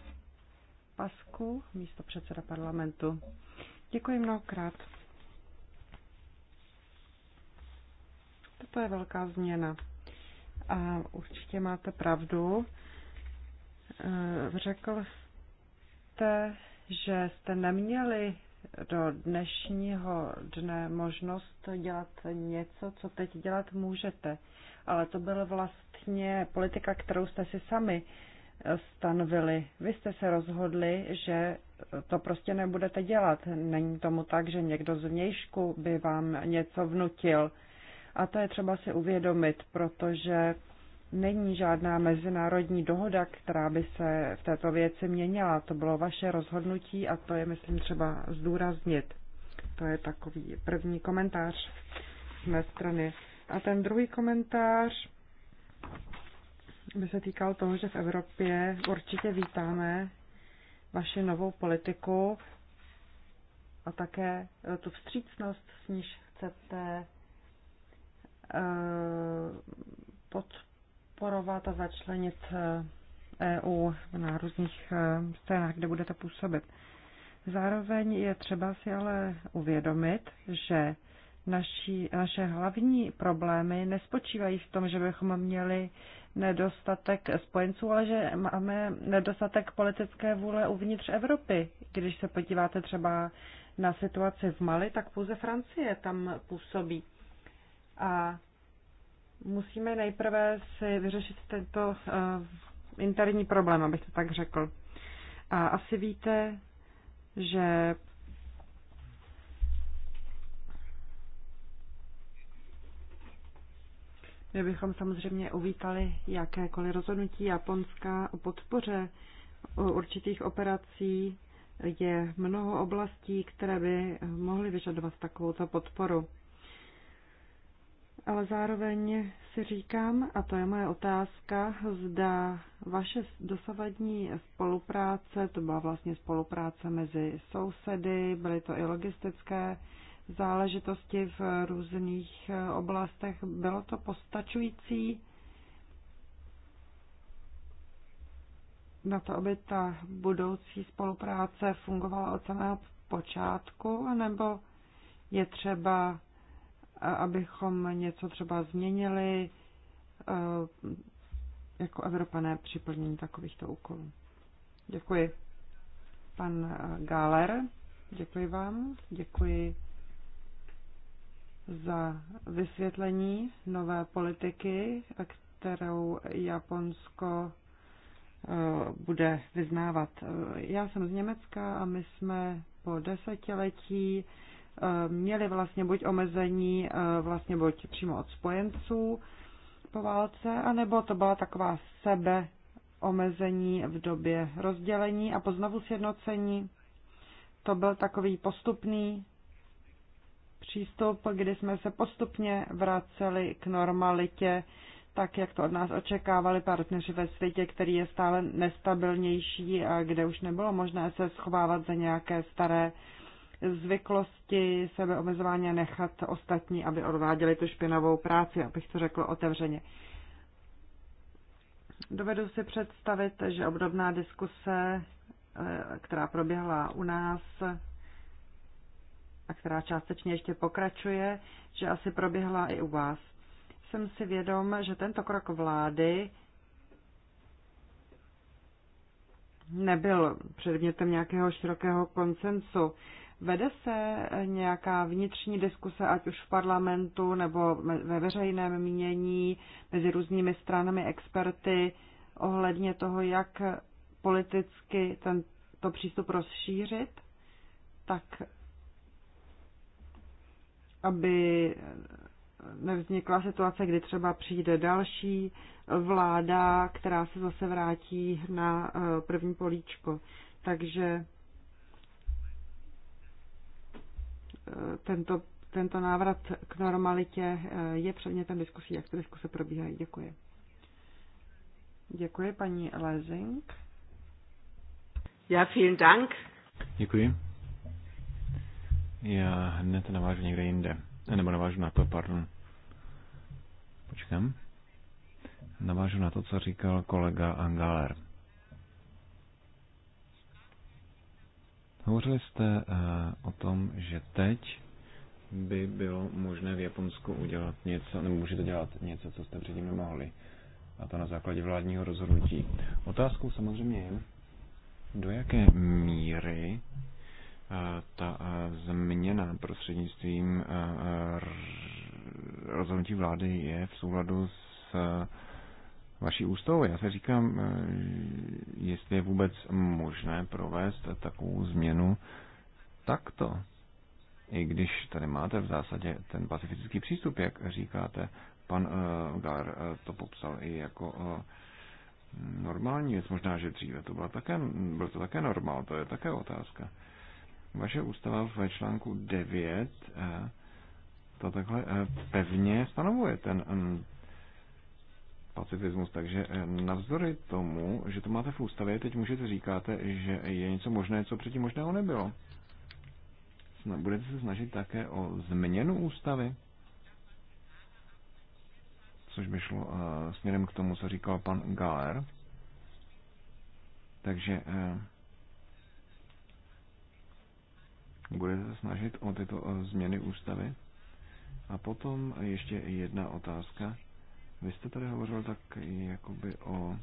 Pasku, místo předseda parlamentu. Děkuji mnohokrát. Toto je velká změna. A určitě máte pravdu. Eh, řekl jste, že jste neměli do dnešního dne možnost dělat něco, co teď dělat můžete. Ale to byla vlastně politika, kterou jste si sami uh, stanovili. Vy jste se rozhodli, že to prostě nebudete dělat. Není tomu tak, že někdo z vnějšku by vám něco vnutil. A to je třeba si uvědomit, protože není žádná mezinárodní dohoda, která by se v této věci měnila. To bylo vaše rozhodnutí a to je, myslím, třeba zdůraznit. To je takový první komentář z mé strany. A ten druhý komentář by se týkal toho, že v Evropě určitě vítáme vaši novou politiku a také eh, tu vstřícnost, s níž chcete eh, podporovat a začlenit EU eh, e na různých scénách, kde budete působit. Zároveň je třeba si ale uvědomit, že naši, naše hlavní problémy nespočívají v tom, že bychom měli nedostatek spojenců, ale že máme nedostatek politické vůle uvnitř Evropy. Když se podíváte třeba na situaci v Mali, tak pouze Francie tam působí. A musíme nejprve si vyřešit tento uh, interní problém, abych to tak řekl. A asi víte, že My bychom samozřejmě uvítali jakékoliv rozhodnutí Japonska o podpoře určitých operací. Je mnoho oblastí, které by mohly vyžadovat takovouto podporu. Ale zároveň si říkám, a to je moje otázka, zda vaše dosavadní spolupráce, to byla vlastně spolupráce mezi sousedy, byly to i logistické záležitosti v různých eh, oblastech. Bylo to postačující na to, aby ta budoucí spolupráce fungovala od samého počátku, nebo je třeba, eh, abychom něco třeba změnili eh, jako Evropané připlnění takovýchto úkolů. Děkuji. Pan Gáler, děkuji vám, děkuji za vysvětlení nové politiky, kterou Japonsko eh, bude vyznávat. Eh, já jsem z Německa a my jsme po desetiletí eh, měli vlastně buď omezení vlastně buď přímo od spojenců po válce, anebo to byla taková sebe omezení v době rozdělení a po znovu sjednocení. To byl takový postupný přístup, kdy jsme se postupně vraceli k normalitě, tak jak to od nás očekávali partneři ve světě, který je stále nestabilnější a kde už nebylo možné se schovávat za nějaké staré zvyklosti, sebeomezování a nechat ostatní, aby odváděli tu špinavou práci, abych to řekl otevřeně. Dovedu si představit, že obdobná diskuse, eh, která proběhla u nás, a která částečně ještě pokračuje, že asi proběhla i u vás. Jsem si vědom, že tento krok vlády nebyl předmětem nějakého širokého koncensu. Vede se nějaká vnitřní diskuse, ať už v parlamentu nebo ve veřejném mínění, mezi různými stranami, experty, ohledně toho, jak politicky tento přístup rozšířit, tak aby nevznikla situace, kdy třeba přijde další vláda, která se zase vrátí na eh, první políčko. Takže eh, tento, tento návrat k normalitě eh, je předmětem diskusí, jak ty diskuse probíhají. Děkuji. Děkuji, paní Lezing. Ja, vielen Dank. Děkuji. Já hned navážu někde jinde. Nebo navážu na to, pardon. Počkám. Navážu na to, co říkal kolega Angaler. Hovořili jste eh, o tom, že teď by bylo možné v Japonsku udělat něco, nebo můžete dělat něco, co jste předtím nemohli. A to na základě vládního rozhodnutí. Otázkou samozřejmě je, do jaké míry ta eh, změna prostřednictvím eh, eh, rozhodnutí vlády je v souladu s vaší ústavou. Já se říkám, jestli je vůbec možné provést takovou změnu takto. I když tady máte v zásadě ten pacifický přístup, jak říkáte, pan uh, Gar uh, to popsal i jako uh, normální věc. Možná, že dříve to byla také, byl to také normál, to je také otázka. Vaše ústava v článku 9 eh, to takhle eh, pevně stanovuje ten mm, pacifismus, takže eh, navzdory tomu, že to máte v ústavě, teď můžete říkáte, že je něco možné, co předtím možného nebylo. Budete se snažit také o změnu ústavy? Což by šlo směrem k tomu, co říkal pan Galer. Takže Bude se snažit o tyto změny ústavy? A potom ještě jedna otázka. Vy jste tady hovořil tak jakoby o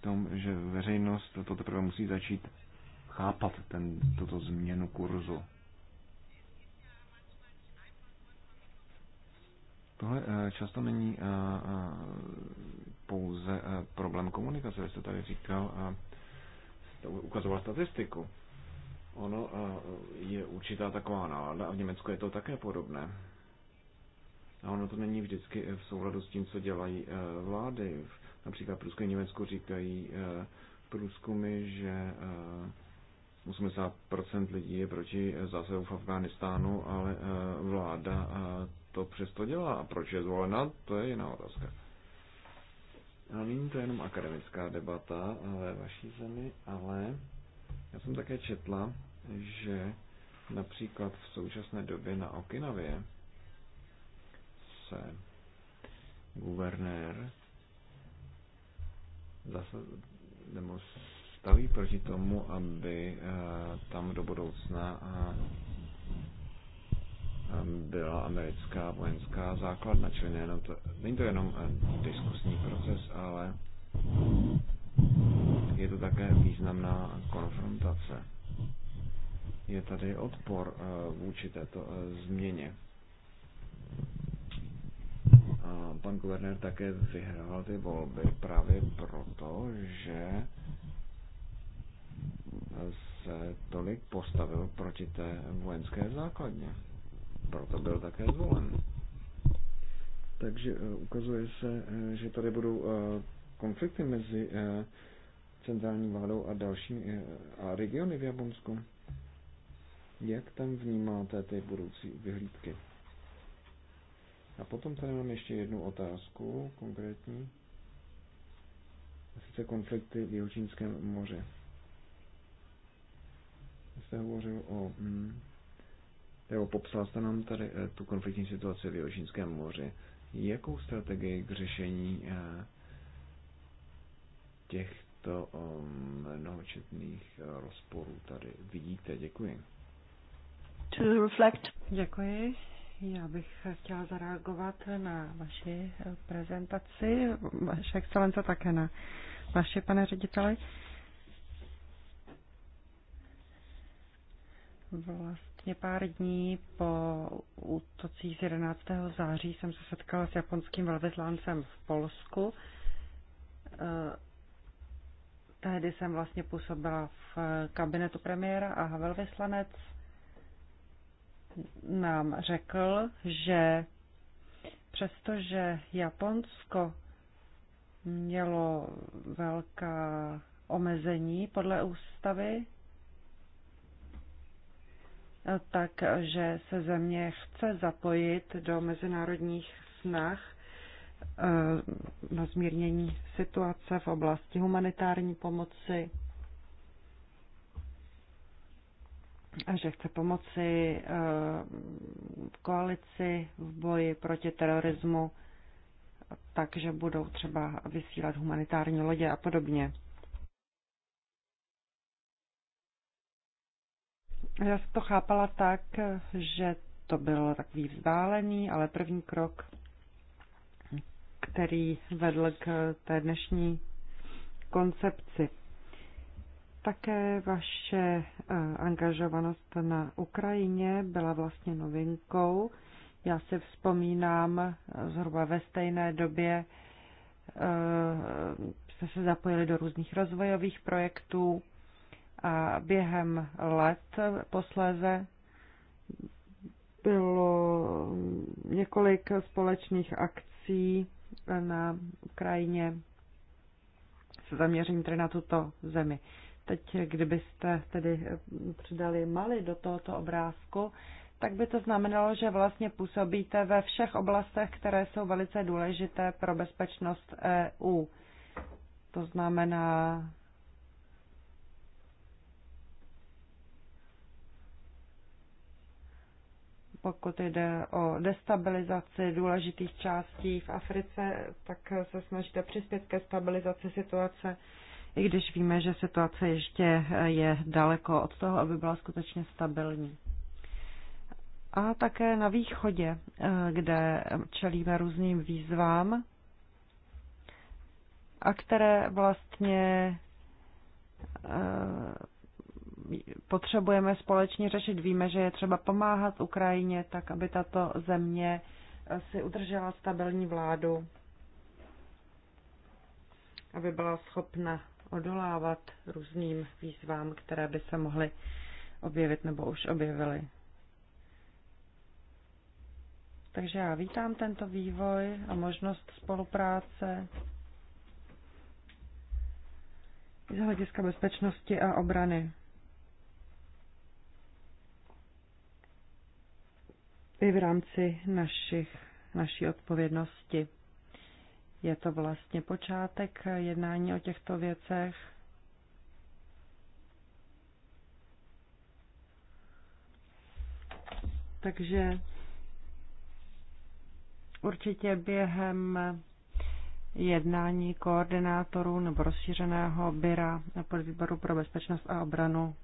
tom, že veřejnost to teprve musí začít chápat, ten, toto změnu kurzu. Tohle eh, často není eh, eh, pouze problém komunikace, vy jste tady říkal, a ukazoval statistiku. Ono eh, je určitá taková nálada a v Německu je to také podobné. A ono to není vždycky v souladu s tím, co dělají eh, vlády. Například průzkumy Německu říkají eh, průzkumy, že 80% lidí je proti zásahu v Afghánistánu, ale vláda to přesto dělá. A proč je zvolena, to je jiná otázka. A není to jenom akademická debata ve vaší zemi, ale já jsem také četla, že například v současné době na Okinavě se guvernér zase, nebo staví proti tomu, aby eh, tam do budoucna eh, byla americká vojenská základna, čili nejenom to, není to jenom eh, diskusní proces, ale je to také významná konfrontace. Je tady odpor eh, vůči této eh, změně. A pan guvernér také vyhrál ty volby právě proto, že se tolik postavil proti té vojenské základně proto byl také zvolen. Takže eh, ukazuje se, eh, že tady budou eh, konflikty mezi centrální vládou a dalšími a regiony v Japonsku. Jak tam vnímáte ty budoucí vyhlídky? A potom tady mám ještě jednu otázku konkrétní. A sice konflikty v Jihočínském moře. Jste hovořil o mm, nebo popsal jste nám tady eh, tu konfliktní situaci v Jihočínském moři. Jakou strategii k řešení eh, těchto eh, mnohočetných rozporů tady vidíte? Děkuji. To reflect. Děkuji. Já bych chtěla zareagovat na vaši prezentaci, vaše excelence také na vaše, pane řediteli. Vlastně Vlastně pár dní po útocích 11. září jsem se setkala s japonským velvyslancem v Polsku. Eh, tehdy jsem vlastně působila v kabinetu premiéra a velvyslanec nám řekl, že přestože Japonsko mělo velká omezení podle ústavy, tak, že se země chce zapojit do mezinárodních snah eh, na zmírnění situace v oblasti humanitární pomoci a že chce pomoci eh, koalici v boji proti terorismu, takže budou třeba vysílat humanitární lodě a podobně. Já jsem to chápala tak, že to byl takový vzdálený, ale první krok, který vedl k té dnešní koncepci. Také vaše eh, angažovanost na Ukrajině byla vlastně novinkou. Já si vzpomínám, eh, zhruba ve stejné době eh, jste se zapojili do různých rozvojových projektů a během let posléze bylo několik společných akcí na Ukrajině se zaměřením tedy na tuto zemi. Teď, kdybyste tedy přidali Mali do tohoto obrázku, tak by to znamenalo, že vlastně působíte ve všech oblastech, které jsou velice důležité pro bezpečnost EU. To znamená pokud jde o destabilizaci důležitých částí v Africe, tak se snažíte přispět ke stabilizaci situace, i když víme, že situace ještě je daleko od toho, aby byla skutečně stabilní. A také na východě, eh, kde čelíme různým výzvám, a které vlastně eh, potřebujeme společně řešit. Víme, že je třeba pomáhat Ukrajině tak, aby tato země si udržela stabilní vládu, aby byla schopna odolávat různým výzvám, které by se mohly objevit nebo už objevily. Takže já vítám tento vývoj a možnost spolupráce z hlediska bezpečnosti a obrany. i v rámci našich, naší odpovědnosti. Je to vlastně počátek jednání o těchto věcech. Takže určitě během jednání koordinátorů nebo rozšířeného byra na podvýboru pro bezpečnost a obranu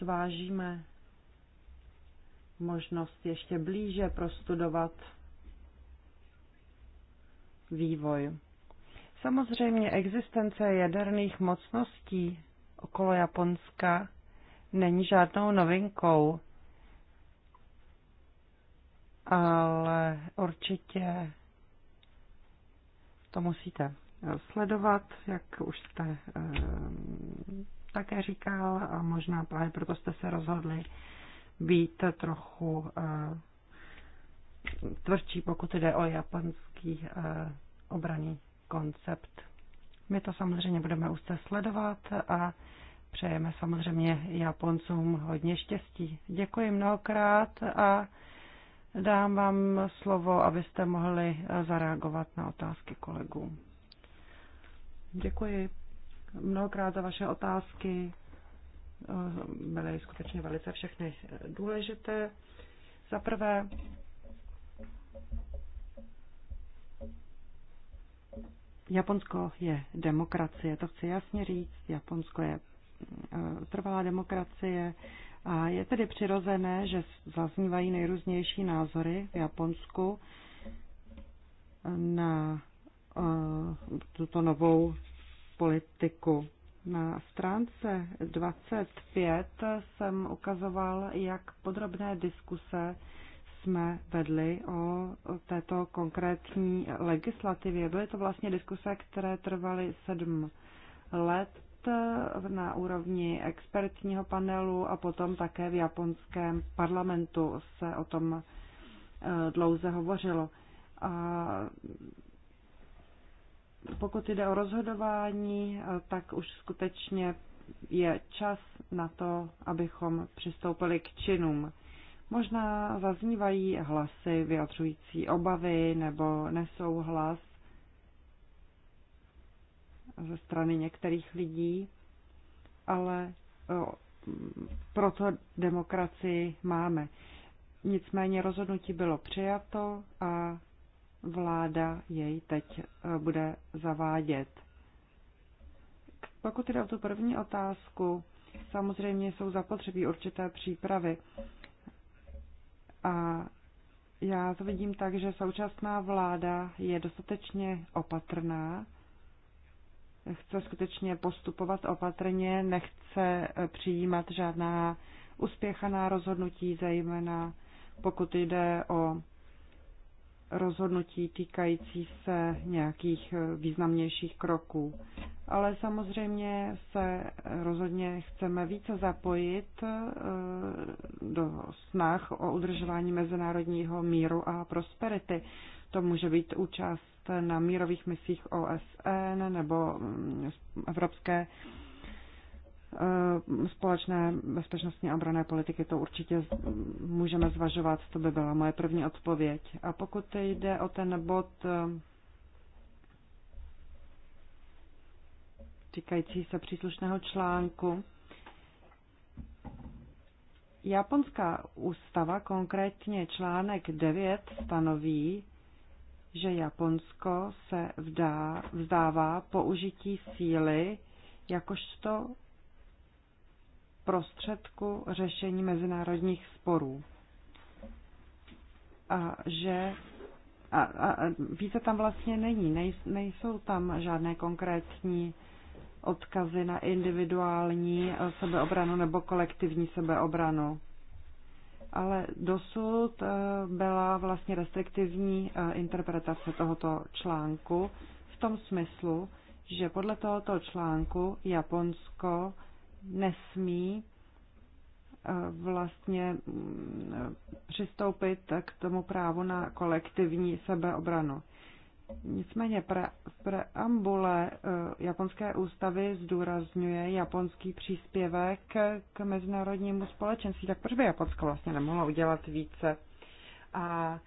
zvážíme možnost ještě blíže prostudovat vývoj. Samozřejmě existence jaderných mocností okolo Japonska není žádnou novinkou, ale určitě to musíte sledovat, jak už jste eh, také říkal, a možná právě proto jste se rozhodli být trochu eh, tvrdší, pokud jde o japonský eh, obraný koncept. My to samozřejmě budeme úzce sledovat a přejeme samozřejmě Japoncům hodně štěstí. Děkuji mnohokrát a dám vám slovo, abyste mohli eh, zareagovat na otázky kolegů. Děkuji mnohokrát za vaše otázky. Eh, byly skutečně velice všechny eh, důležité. Za prvé, Japonsko je demokracie, to chci jasně říct. Japonsko je eh, trvalá demokracie a je tedy přirozené, že zaznívají nejrůznější názory v Japonsku na tuto novou politiku. Na stránce 25 jsem ukazoval, jak podrobné diskuse jsme vedli o této konkrétní legislativě. Byly to vlastně diskuse, které trvaly sedm let na úrovni expertního panelu a potom také v japonském parlamentu se o tom eh, dlouze hovořilo. A pokud jde o rozhodování, eh, tak už skutečně je čas na to, abychom přistoupili k činům. Možná zaznívají hlasy vyjadřující obavy nebo nesouhlas ze strany některých lidí, ale eh, proto demokracii máme. Nicméně rozhodnutí bylo přijato a vláda jej teď eh, bude zavádět. Pokud jde o tu první otázku, samozřejmě jsou zapotřebí určité přípravy. A já to vidím tak, že současná vláda je dostatečně opatrná, chce skutečně postupovat opatrně, nechce eh, přijímat žádná uspěchaná rozhodnutí, zejména pokud jde o rozhodnutí týkající se nějakých eh, významnějších kroků. Ale samozřejmě se rozhodně chceme více zapojit eh, do snah o udržování mezinárodního míru a prosperity. To může být účast na mírových misích OSN nebo mm, Evropské Eh, společné bezpečnostní a obrané politiky, to určitě můžeme zvažovat, to by byla moje první odpověď. A pokud jde o ten bod eh, týkající se příslušného článku, Japonská ústava, konkrétně článek 9, stanoví, že Japonsko se vdá, vzdává použití síly jakožto prostředku řešení mezinárodních sporů. A že a, a více tam vlastně není, nej, nejsou tam žádné konkrétní odkazy na individuální sebeobranu nebo kolektivní sebeobranu. Ale dosud eh, byla vlastně restriktivní eh, interpretace tohoto článku v tom smyslu, že podle tohoto článku Japonsko nesmí eh, vlastně mm, přistoupit k tomu právu na kolektivní sebeobranu. Nicméně pre, preambule eh, japonské ústavy zdůrazňuje japonský příspěvek k mezinárodnímu společenství. Tak proč by Japonsko vlastně nemohlo udělat více? A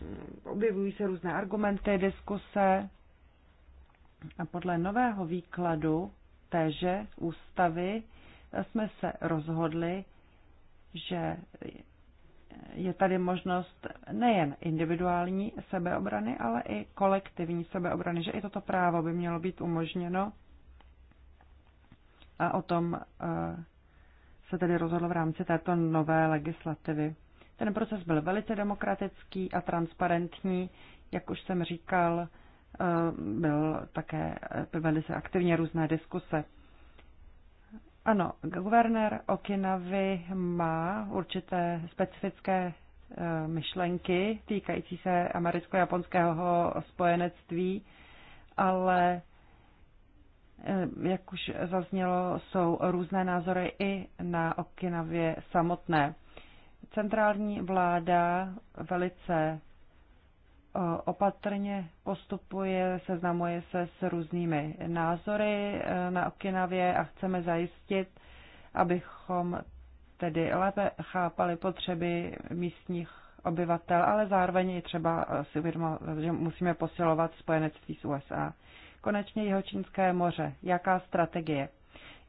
mm, objevují se různé argumenty, diskuse. A podle nového výkladu téže ústavy jsme se rozhodli, že je tady možnost nejen individuální sebeobrany, ale i kolektivní sebeobrany, že i toto právo by mělo být umožněno. A o tom eh, se tedy rozhodlo v rámci této nové legislativy. Ten proces byl velice demokratický a transparentní, jak už jsem říkal, Eh, byl také, eh, vedly se aktivně různé diskuse. Ano, guvernér Okinavy má určité specifické eh, myšlenky týkající se americko-japonského spojenectví, ale jak už zaznělo, jsou různé názory i na Okinavě samotné. Centrální vláda velice Eh, opatrně postupuje, seznamuje se s různými názory eh, na Okinavě a chceme zajistit, abychom tedy lépe chápali potřeby místních obyvatel, ale zároveň i třeba eh, si uvědomovat, že musíme posilovat spojenectví s USA. Konečně jeho Čínské moře. Jaká strategie?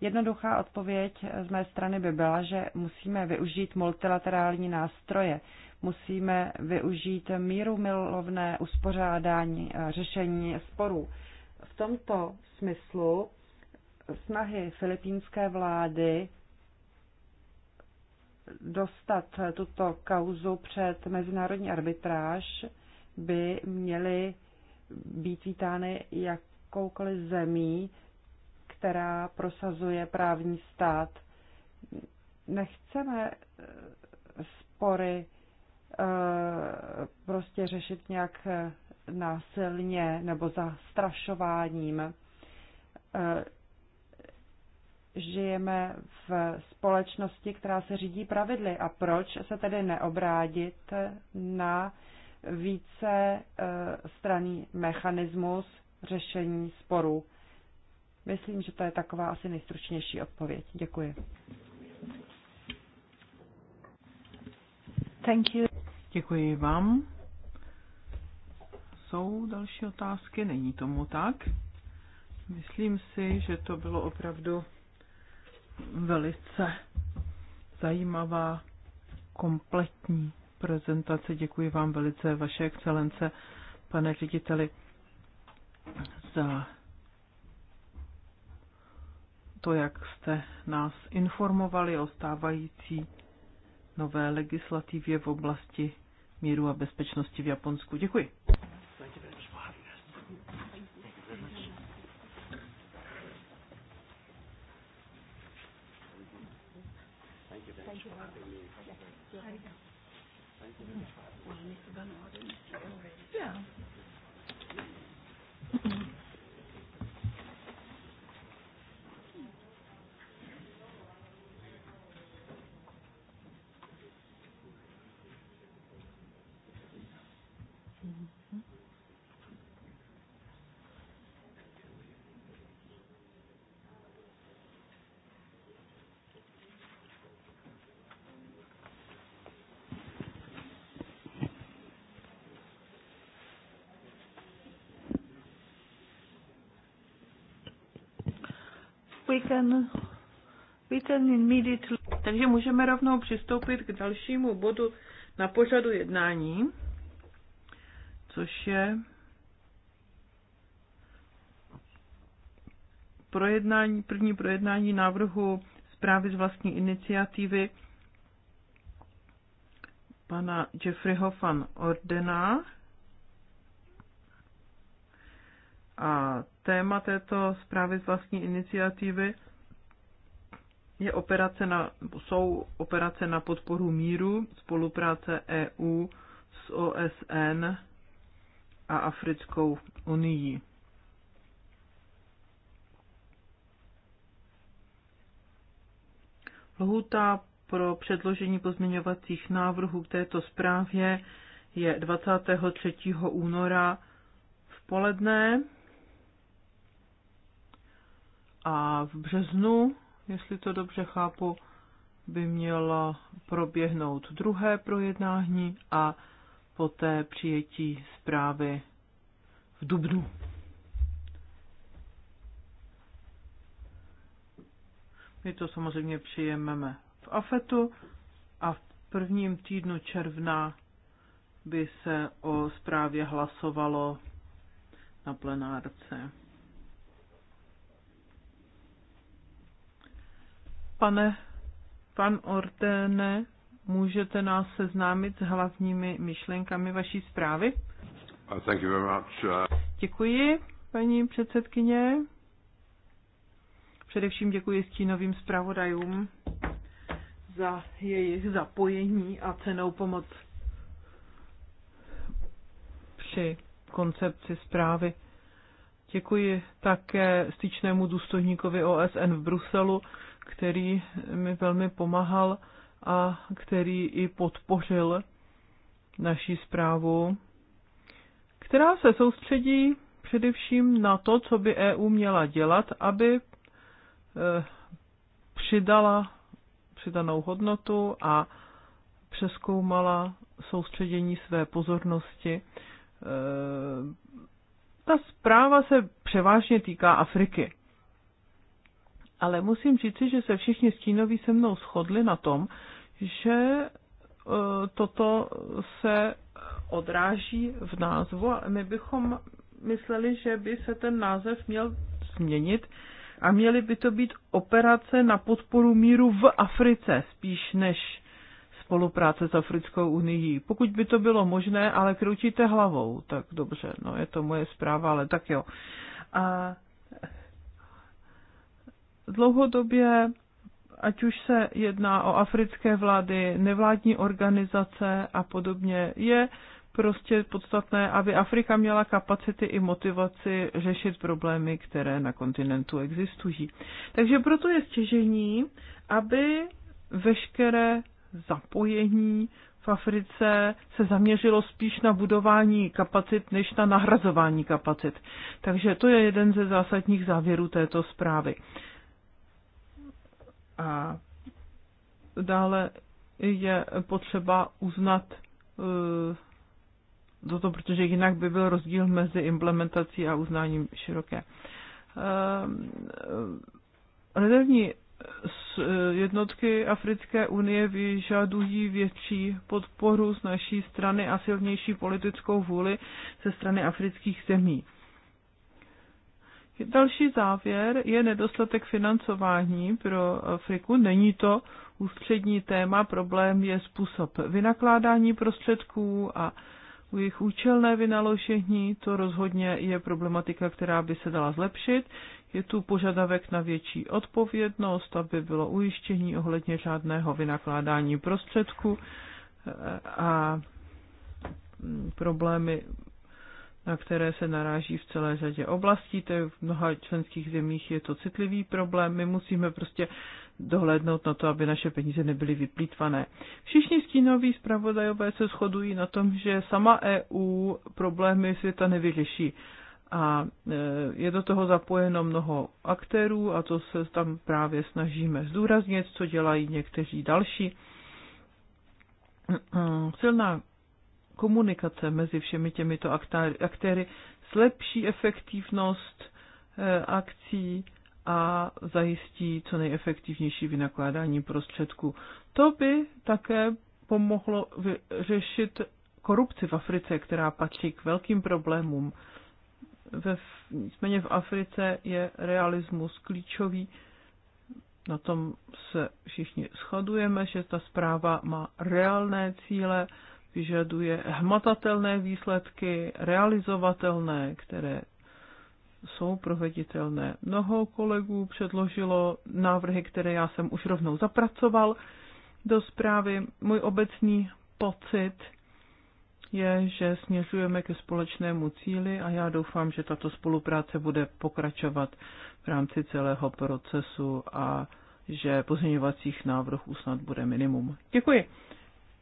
Jednoduchá odpověď z mé strany by byla, že musíme využít multilaterální nástroje musíme využít míru milovné uspořádání eh, řešení sporů. V tomto smyslu snahy filipínské vlády dostat tuto kauzu před mezinárodní arbitráž by měly být vítány jakoukoliv zemí, která prosazuje právní stát. Nechceme eh, spory Eh, prostě řešit nějak eh, násilně nebo zastrašováním. Eh, žijeme v společnosti, která se řídí pravidly. A proč se tedy neobrádit na více straný mechanismus řešení sporů? Myslím, že to je taková asi nejstručnější odpověď. Děkuji. Thank you. Děkuji vám. Jsou další otázky? Není tomu tak. Myslím si, že to bylo opravdu velice zajímavá, kompletní prezentace. Děkuji vám velice, vaše excelence, pane řediteli, za to, jak jste nás informovali o stávající nové legislativě v oblasti míru a bezpečnosti v Japonsku. Děkuji. we can, we can immediately... Takže můžeme rovnou přistoupit k dalšímu bodu na pořadu jednání, což je projednání, první projednání návrhu zprávy z vlastní iniciativy pana Jeffreyho van Ordena A téma této zprávy z vlastní iniciativy je operace na, jsou operace na podporu míru, spolupráce EU s OSN a Africkou unii. Lhuta pro předložení pozměňovacích návrhů k této zprávě je 23. února v poledne a v březnu, jestli to dobře chápu, by mělo proběhnout druhé projednání a poté přijetí zprávy v dubnu. My to samozřejmě přijememe v AFETu a v prvním týdnu června by se o zprávě hlasovalo na plenárce. Pane pan Ortene, můžete nás seznámit s hlavními myšlenkami vaší zprávy? Uh, thank you very much. Uh, děkuji, paní předsedkyně. Především děkuji stínovým zpravodajům za jejich zapojení a cenou pomoc při koncepci zprávy. Děkuji také styčnému důstojníkovi OSN v Bruselu který mi velmi pomáhal a který i podpořil naší zprávu, která se soustředí především na to, co by EU měla dělat, aby eh, přidala přidanou hodnotu a přeskoumala soustředění své pozornosti. Eh, ta zpráva se převážně týká Afriky ale musím říci, že se všichni stínoví se mnou shodli na tom, že e, toto se odráží v názvu a my bychom mysleli, že by se ten název měl změnit a měly by to být operace na podporu míru v Africe spíš než spolupráce s Africkou unii. Pokud by to bylo možné, ale kroutíte hlavou, tak dobře, no je to moje zpráva, ale tak jo. A Dlouhodobě, ať už se jedná o africké vlády, nevládní organizace a podobně, je prostě podstatné, aby Afrika měla kapacity i motivaci řešit problémy, které na kontinentu existují. Takže proto je stěžení, aby veškeré zapojení v Africe se zaměřilo spíš na budování kapacit než na nahrazování kapacit. Takže to je jeden ze zásadních závěrů této zprávy. A dále je potřeba uznat toto, eh, protože jinak by byl rozdíl mezi implementací a uznáním široké. Eh, rezervní eh, jednotky Africké unie vyžadují větší podporu z naší strany a silnější politickou vůli ze strany afrických zemí. Další závěr je nedostatek financování pro Afriku. Není to ústřední téma, problém je způsob vynakládání prostředků a jejich účelné vynaložení. To rozhodně je problematika, která by se dala zlepšit. Je tu požadavek na větší odpovědnost, aby bylo ujištění ohledně řádného vynakládání prostředků a problémy na které se naráží v celé řadě oblastí, to je v mnoha členských zemích je to citlivý problém, my musíme prostě dohlédnout na to, aby naše peníze nebyly vyplýtvané. Všichni stínoví zpravodajové se shodují na tom, že sama EU problémy světa nevyřeší a e, je do toho zapojeno mnoho aktérů a to se tam právě snažíme zdůraznit, co dělají někteří další. Silná komunikace mezi všemi těmito aktéry zlepší efektivnost eh, akcí a zajistí co nejefektivnější vynakládání prostředků. To by také pomohlo vyřešit korupci v Africe, která patří k velkým problémům. Ve, nicméně v Africe je realismus klíčový. Na tom se všichni shodujeme, že ta zpráva má reálné cíle, vyžaduje hmatatelné výsledky, realizovatelné, které jsou proveditelné. Mnoho kolegů předložilo návrhy, které já jsem už rovnou zapracoval do zprávy. Můj obecný pocit je, že směřujeme ke společnému cíli a já doufám, že tato spolupráce bude pokračovat v rámci celého procesu a že pozměňovacích návrhů snad bude minimum. Děkuji.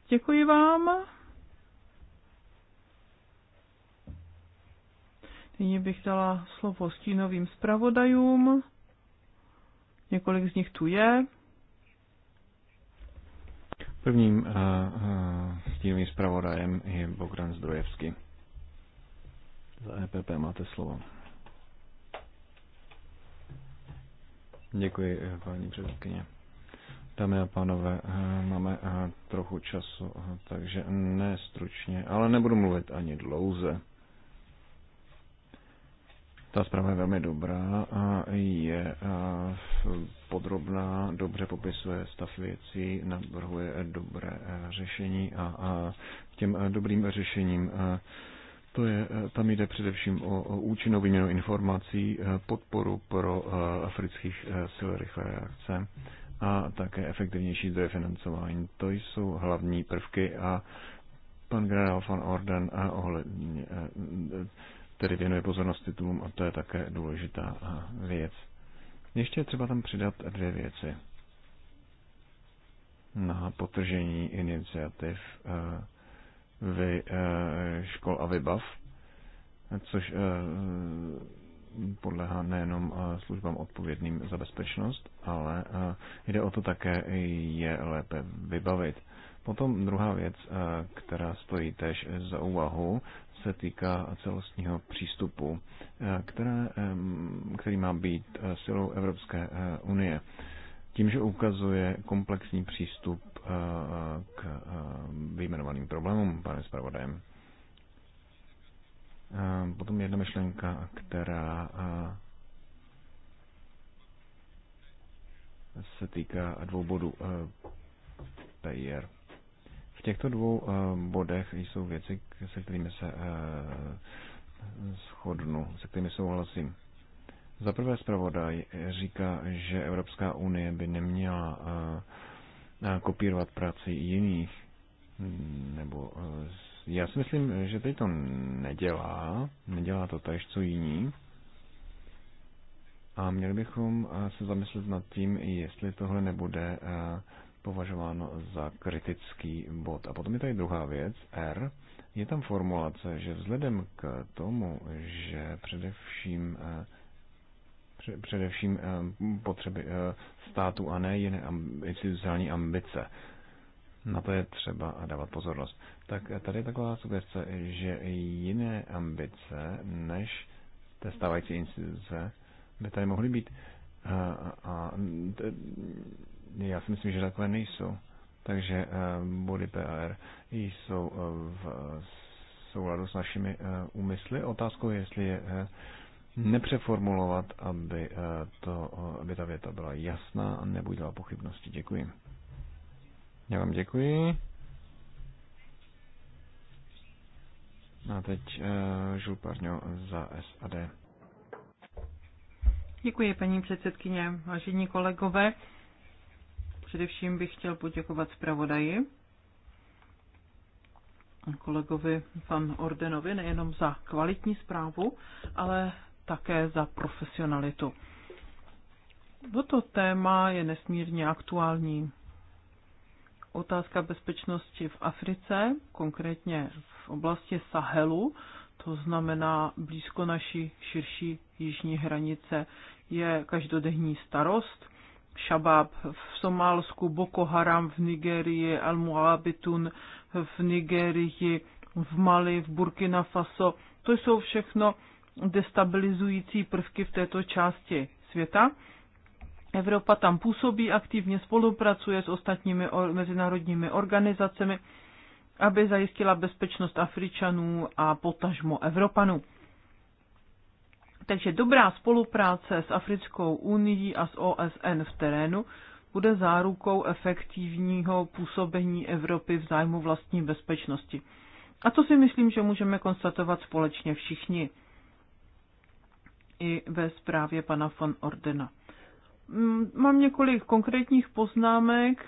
Děkuji vám. Nyní bych dala slovo stínovým zpravodajům. Několik z nich tu je. Prvním uh, uh, stínovým zpravodajem je Bogdan Zdrojevský. Za EPP máte slovo. Děkuji, eh, paní předsedkyně. Dámy a pánové, máme trochu času, takže ne stručně, ale nebudu mluvit ani dlouze. Ta zpráva je velmi dobrá a je podrobná, dobře popisuje stav věcí, navrhuje dobré e, řešení a těm e, dobrým řešením e, to je, tam jde především o, účinnou výměnu informací, podporu pro afrických sil rychlé reakce a také efektivnější zdroje financování. To jsou hlavní prvky a pan generál van Orden a ohledně tedy věnuje pozornost titulům a to je také důležitá věc. Ještě je třeba tam přidat dvě věci. Na potržení iniciativ vy, škol a vybav, což podlehá nejenom službám odpovědným za bezpečnost, ale jde o to také je lépe vybavit. Potom druhá věc, která stojí tež za úvahu, se týká celostního přístupu, eh, které, který má být eh, silou Evropské eh, unie. Tím, že ukazuje komplexní přístup k vyjmenovaným problémům, pane zpravodajem. Potom jedna myšlenka, která se týká dvou bodů PR. V těchto dvou eh, bodech jsou věci, se kterými se eh, shodnu, se kterými souhlasím. Za prvé zpravodaj říká, že Evropská unie by neměla eh, kopírovat práci jiných, mm, nebo já si myslím, že teď to nedělá, nedělá to tež, co jiní. A měli bychom se zamyslet nad tím, jestli tohle nebude považováno za kritický bod. A potom je tady druhá věc, R. Je tam formulace, že vzhledem k tomu, že především eh, především eh, potřeby eh, státu a ne jiné institucionální ambice. Na to je třeba dávat pozornost. Tak tady je taková sugestce, že jiné ambice než té stávající instituce by tady mohly být. A, a, já si myslím, že takové nejsou. Takže eh, body PR jsou eh, v souladu s našimi eh, úmysly. Otázkou je, jestli je nepřeformulovat, aby, to, aby ta věta byla jasná a nebudila pochybnosti. Děkuji. Já vám děkuji. A teď uh, Žul za SAD. Děkuji, paní předsedkyně, vážení kolegové. Především bych chtěl poděkovat zpravodaji kolegovi pan Ordenovi nejenom za kvalitní zprávu, ale také za profesionalitu. Toto téma je nesmírně aktuální. Otázka bezpečnosti v Africe, konkrétně v oblasti Sahelu, to znamená blízko naší širší jižní hranice, je každodenní starost Šabab v Somálsku, Boko Haram v Nigerii, Al-Muabitun v Nigerii, v Mali, v Burkina Faso. To jsou všechno destabilizující prvky v této části světa. Evropa tam působí, aktivně spolupracuje s ostatními mezinárodními organizacemi, aby zajistila bezpečnost Afričanů a potažmo Evropanů. Takže dobrá spolupráce s Africkou unii a s OSN v terénu bude zárukou efektivního působení Evropy v zájmu vlastní bezpečnosti. A to si myslím, že můžeme konstatovat společně všichni. I ve zprávě pana von Ordena. Mm, mám několik konkrétních poznámek.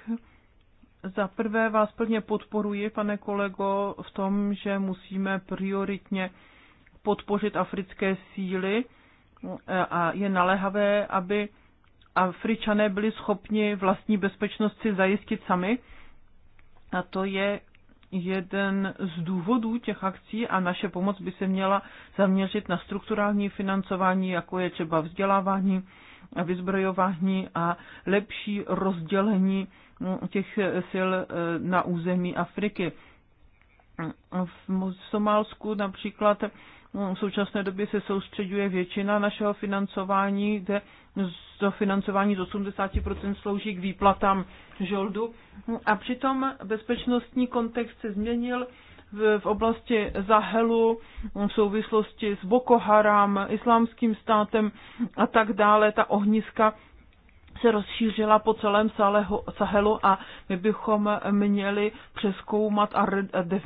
Za prvé vás plně podporuji, pane kolego, v tom, že musíme prioritně podpořit africké síly eh, a je naléhavé, aby Afričané byli schopni vlastní bezpečnost si zajistit sami. A to je jeden z důvodů těch akcí a naše pomoc by se měla zaměřit na strukturální financování, jako je třeba vzdělávání, vyzbrojování a lepší rozdělení mm, těch sil eh, na území Afriky. V Somálsku například v současné době se soustředuje většina našeho financování, kde to financování z 80% slouží k výplatám žoldu. A přitom bezpečnostní kontext se změnil v, v oblasti Zahelu v souvislosti s Boko Haram, islámským státem a tak dále. Ta ohniska se rozšířila po celém Sahelu a my bychom měli přeskoumat a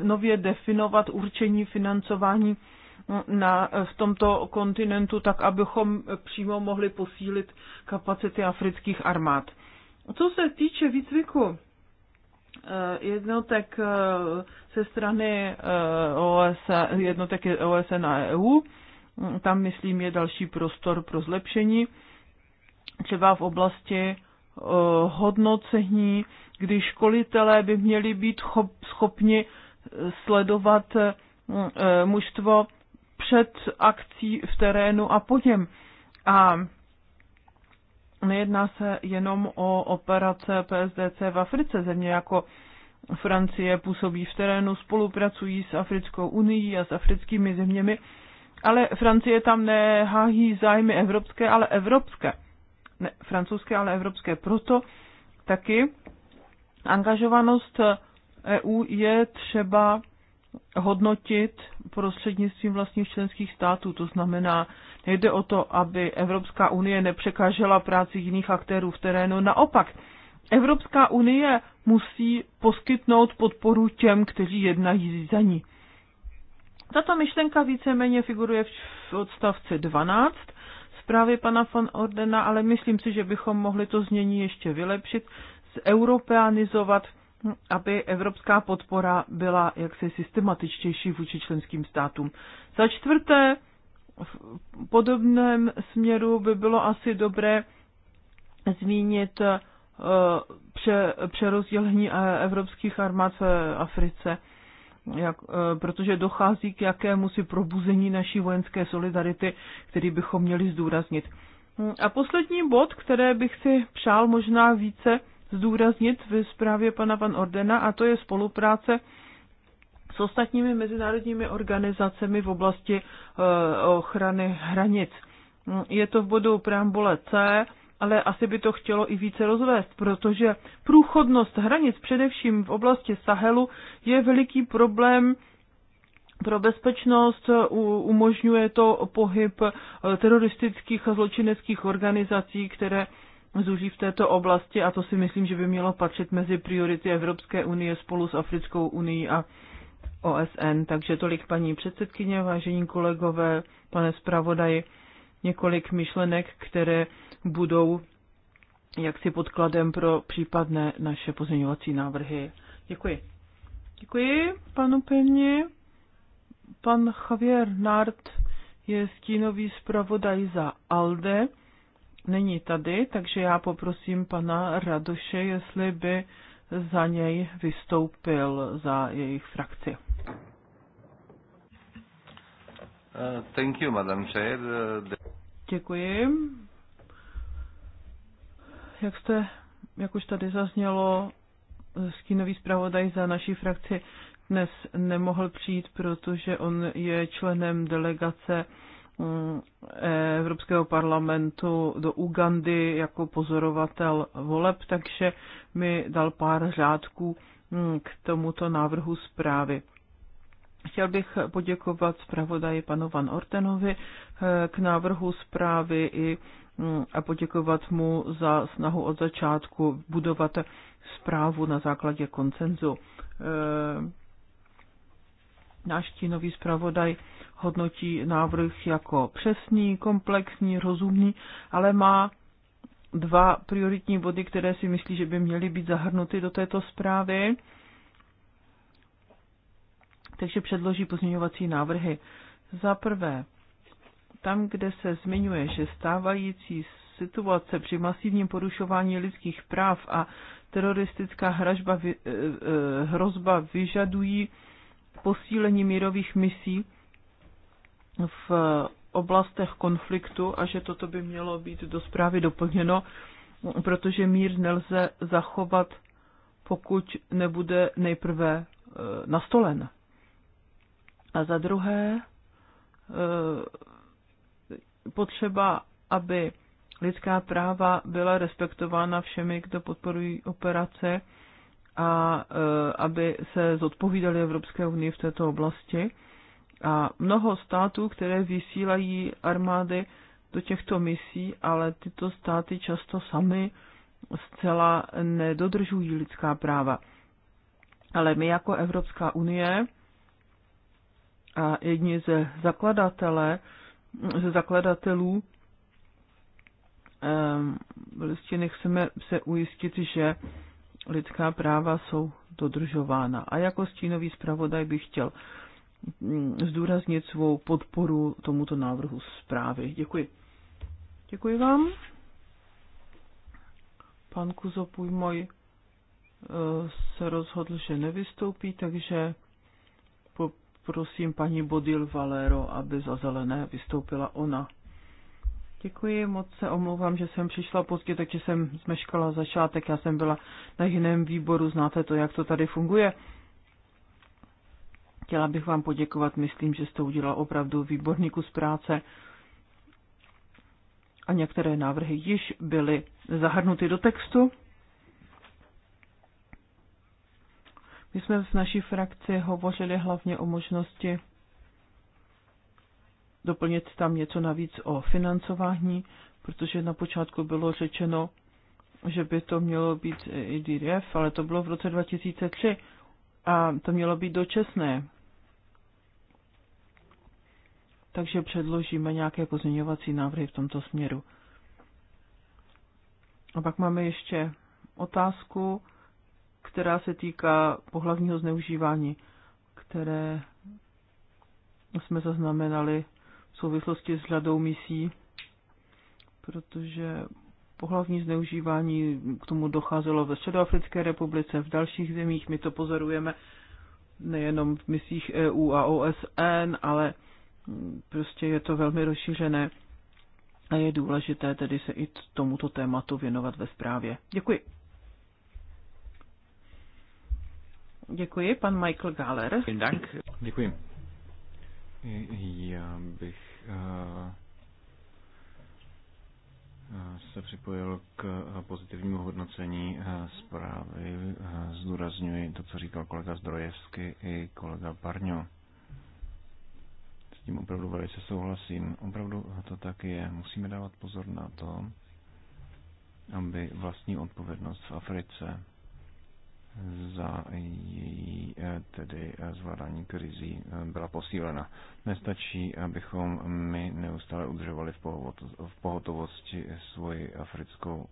nově definovat určení financování mm, na, v tomto kontinentu, tak abychom přímo mohli posílit kapacity afrických armád. Co se týče výcviku eh, jednotek eh, ze strany eh, OSN, jednotek OSN a EU, mm, tam, myslím, je další prostor pro zlepšení třeba v oblasti eh, hodnocení, kdy školitelé by měli být schopni eh, sledovat eh, mužstvo před akcí v terénu a po něm. A nejedná se jenom o operace PSDC v Africe. Země jako Francie působí v terénu, spolupracují s Africkou unii a s africkými zeměmi, ale Francie tam nehájí zájmy evropské, ale evropské ne francouzské, ale evropské. Proto taky angažovanost EU je třeba hodnotit prostřednictvím vlastních členských států. To znamená, nejde o to, aby Evropská unie nepřekážela práci jiných aktérů v terénu. Naopak, Evropská unie musí poskytnout podporu těm, kteří jednají za ní. Tato myšlenka víceméně figuruje v odstavci 12 zprávy pana von Ordena, ale myslím si, že bychom mohli to znění ještě vylepšit, zeuropeanizovat, aby evropská podpora byla jaksi systematičtější vůči členským státům. Za čtvrté, v podobném směru by bylo asi dobré zmínit eh, pře, přerozdělení eh, evropských armád v Africe jak, eh, protože dochází k jakému si probuzení naší vojenské solidarity, který bychom měli zdůraznit. Hm, a poslední bod, které bych si přál možná více zdůraznit ve zprávě pana Van Ordena, a to je spolupráce s ostatními mezinárodními organizacemi v oblasti eh, ochrany hranic. Hm, je to v bodu preambule C ale asi by to chtělo i více rozvést, protože průchodnost hranic, především v oblasti Sahelu, je veliký problém pro bezpečnost, umožňuje to pohyb eh, teroristických a zločineckých organizací, které zuří v této oblasti a to si myslím, že by mělo patřit mezi priority Evropské unie spolu s Africkou unii a OSN. Takže tolik paní předsedkyně, vážení kolegové, pane zpravodaji několik myšlenek, které budou jaksi podkladem pro případné naše pozměňovací návrhy. Děkuji. Děkuji panu Peně. Pan Javier Nart je stínový zpravodaj za ALDE. Není tady, takže já poprosím pana Radoše, jestli by za něj vystoupil za jejich frakci. Uh, thank you, Madam Chair. Uh, Děkuji. Jak jste, jak už tady zaznělo, skinový zpravodaj za naší frakci dnes nemohl přijít, protože on je členem delegace eh, Evropského parlamentu do Ugandy jako pozorovatel voleb, takže mi dal pár řádků hm, k tomuto návrhu zprávy. Chtěl bych poděkovat zpravodaji panu Van Ortenovi eh, k návrhu zprávy i mm, a poděkovat mu za snahu od začátku budovat zprávu na základě koncenzu. Eh, náš tínový zpravodaj hodnotí návrh jako přesný, komplexní, rozumný, ale má dva prioritní body, které si myslí, že by měly být zahrnuty do této zprávy takže předloží pozměňovací návrhy. Za prvé, tam, kde se zmiňuje, že stávající situace při masivním porušování lidských práv a teroristická hražba, e, e, hrozba vyžadují posílení mírových misí v oblastech konfliktu a že toto by mělo být do zprávy doplněno, protože mír nelze zachovat, pokud nebude nejprve e, nastolen. A za druhé, eh, potřeba, aby lidská práva byla respektována všemi, kdo podporují operace a eh, aby se zodpovídali Evropské unii v této oblasti. A mnoho států, které vysílají armády do těchto misí, ale tyto státy často sami zcela nedodržují lidská práva. Ale my jako Evropská unie a jedni ze zakladatele, ze zakladatelů ehm, listiny chceme se ujistit, že lidská práva jsou dodržována. A jako stínový zpravodaj bych chtěl mm, zdůraznit svou podporu tomuto návrhu zprávy. Děkuji. Děkuji vám. Pan Kuzopůj můj eh, se rozhodl, že nevystoupí, takže prosím paní Bodil Valero, aby za zelené vystoupila ona. Děkuji, moc se omlouvám, že jsem přišla pozdě, takže jsem zmeškala začátek. Já jsem byla na jiném výboru, znáte to, jak to tady funguje. Chtěla bych vám poděkovat, myslím, že jste udělal opravdu výborný kus práce a některé návrhy již byly zahrnuty do textu. My jsme v naší frakci hovořili hlavně o možnosti doplnit tam něco navíc o financování, protože na počátku bylo řečeno, že by to mělo být i IDF, ale to bylo v roce 2003 a to mělo být dočasné. Takže předložíme nějaké pozměňovací návrhy v tomto směru. A pak máme ještě otázku která se týká pohlavního zneužívání, které jsme zaznamenali v souvislosti s řadou misí, protože pohlavní zneužívání k tomu docházelo ve Středoafrické republice, v dalších zemích. My to pozorujeme nejenom v misích EU a OSN, ale prostě je to velmi rozšířené a je důležité tedy se i tomuto tématu věnovat ve zprávě. Děkuji. Děkuji, pan Michael Galler. Děkuji. Já bych eh, eh, se připojil k eh, pozitivnímu hodnocení zprávy. Zdůrazňuji to, co říkal kolega Zdrojevsky i kolega Parňo. S tím opravdu velice souhlasím. Opravdu to tak je. Musíme dávat pozor na to, aby vlastní odpovědnost v Africe za její eh, tedy eh, zvládání krizí eh, byla posílena. Nestačí, abychom my neustále udržovali v pohotovosti svoji africkou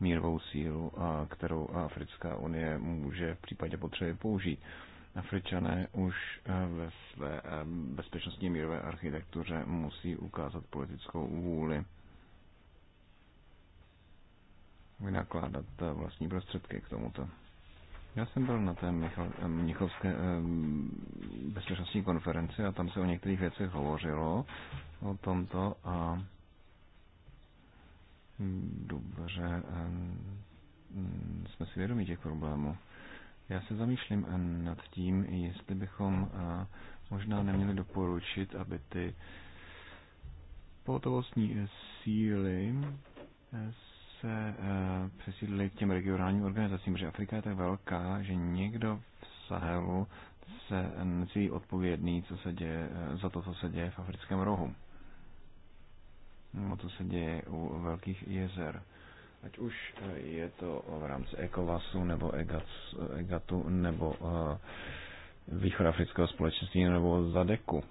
mírovou sílu, kterou Africká unie může v případě potřeby použít. Afričané už ve své bezpečnostní mírové architektuře musí ukázat politickou vůli vynakládat vlastní prostředky k tomuto. Já jsem byl na té eh, Mnichovské eh, bezpečnostní konferenci a tam se o některých věcech hovořilo o tomto a dobře eh, jsme si vědomi těch problémů. Já se zamýšlím nad tím, jestli bychom možná neměli doporučit, aby ty pohotovostní síly se eh, přesídlili k těm regionálním organizacím, že Afrika je tak velká, že někdo v Sahelu se necítí odpovědný co se děje, eh, za to, co se děje v africkém rohu. No, to se děje u velkých jezer. Ať už eh, je to v rámci ECOWASu nebo EGATu nebo uh, východoafrického společenství nebo Zadeku.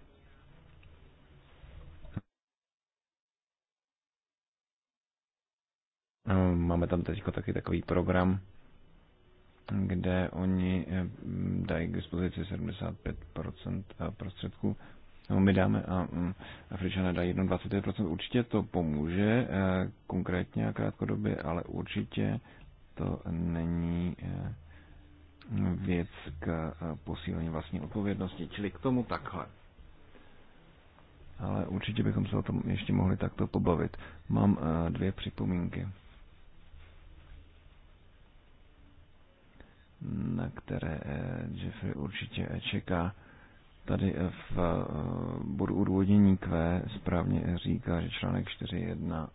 No, máme tam teď taky takový program, kde oni eh, dají k dispozici 75% eh, prostředků, nebo my dáme a mm, Afričané dají 21%. Určitě to pomůže eh, konkrétně a krátkodobě, ale určitě to není věc k posílení vlastní odpovědnosti. Čili k tomu takhle. Ale určitě bychom se o tom ještě mohli takto pobavit. Mám dvě připomínky. na které eh, Jeffrey určitě eh, čeká. Tady eh, v bodu odvodění Q správně říká, že článek 4.1,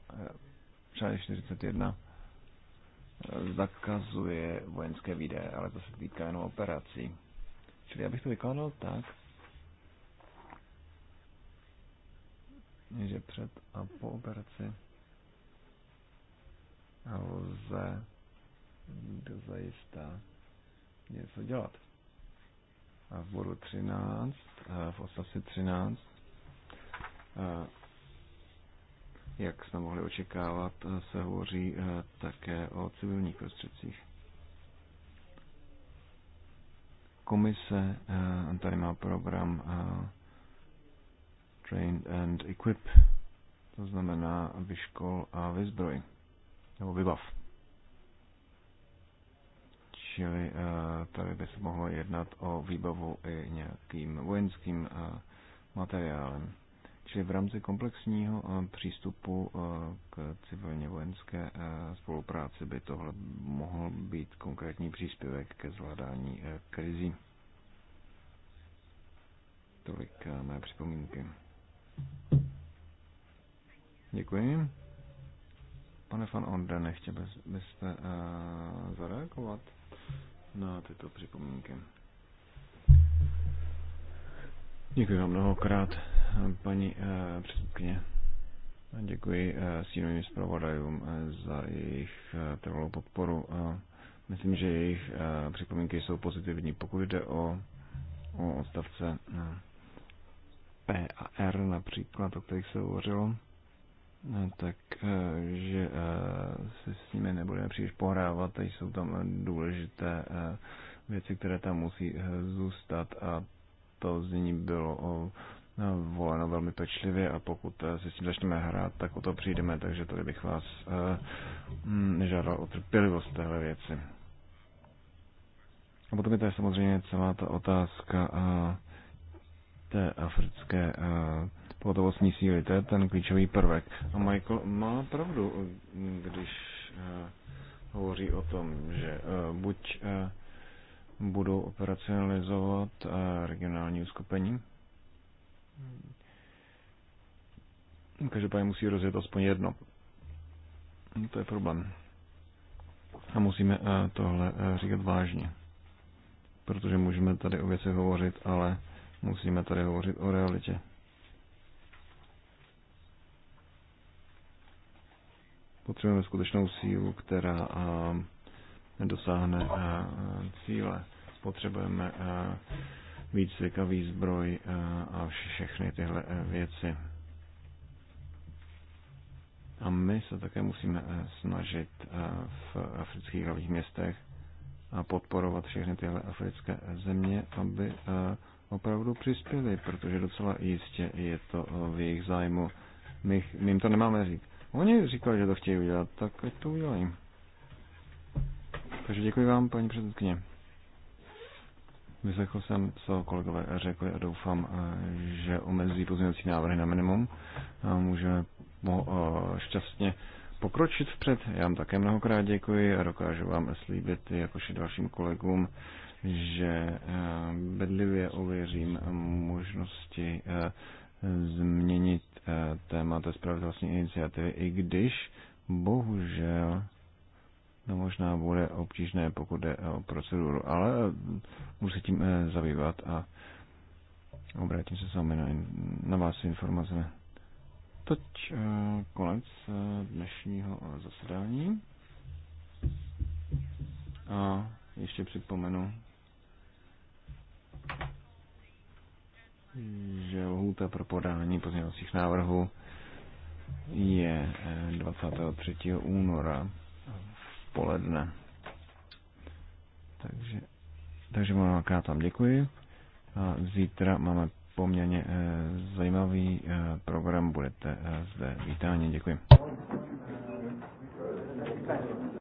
článek 41 zakazuje vojenské výdaje, ale to se týká jenom operací. Čili já bych to vykládal tak, že před a po operaci lze zajistá něco dělat. A v bodu 13, eh, v odstavci 13, eh, jak jsme mohli očekávat, eh, se hovoří také o civilních prostředcích. Komise tady má program Train and Equip, to znamená vyškol a vyzbroj, nebo vybav. Čili eh, tady by se mohlo jednat o výbavu i nějakým vojenským eh, materiálem. Čili v rámci komplexního eh, přístupu k civilně vojenské spolupráci by tohle mohl být konkrétní příspěvek ke zvládání krizí. Tolik mé připomínky. Děkuji. Pane fan Onde, nechtěl byste uh, zareagovat? na tyto připomínky. Děkuji vám mnohokrát, paní eh, předsedkyně. Děkuji děkuji eh, sínovým zpravodajům eh, za jejich trvalou podporu. Myslím, že jejich připomínky jsou pozitivní. Pokud jde o, o odstavce P a R například, o kterých se hovořilo, No, takže eh, eh, si s nimi nebudeme příliš pohrávat, teď jsou tam důležité eh, věci, které tam musí zůstat a to z ní bylo voleno velmi pečlivě a pokud si s tím začneme hrát, tak o to přijdeme, takže tady bych vás mm, nežádal o trpělivost téhle věci. A potom je tady samozřejmě celá ta otázka té africké pohotovostní síly. To je ten klíčový prvek. A Michael má pravdu, když eh, hovoří o tom, že eh, buď eh, budou operacionalizovat regionální uskupení, každopádně musí rozjet aspoň jedno. To je problém. A musíme tohle říkat vážně. Protože můžeme tady o věci hovořit, ale musíme tady hovořit o realitě. Potřebujeme skutečnou sílu, která dosáhne cíle. Potřebujeme výcvik a výzbroj a všechny tyhle e, věci. A my se také musíme e, snažit e, v afrických hlavních městech a podporovat všechny tyhle africké země, aby opravdu přispěli, protože docela jistě je to v jejich zájmu. My, my jim to nemáme říct. Oni říkali, že to chtějí udělat, tak ať to udělají. Takže děkuji vám, paní předsedkyně. Vyslechl jsem, co kolegové řekli a doufám, eh, že omezí pozměňovací návrhy na minimum. Můžeme eh, šťastně pokročit vpřed. Já vám také mnohokrát děkuji a dokážu vám slíbit, jakož i dalším kolegům, že eh, bedlivě ověřím možnosti změnit téma té zprávy iniciativy, i když bohužel no možná bude obtížné, pokud jde o proceduru, ale budu se tím eh, zabývat a obrátím se sami na, na vás informace. Toť eh, konec eh, dnešního zasedání. A ještě připomenu, že lhůta pro podání pozměňovacích návrhů je 23. Eh, února v poledne. Takže, takže krát vám děkuji. A zítra máme poměrně eh, zajímavý eh, program, budete zde vítáni. Děkuji.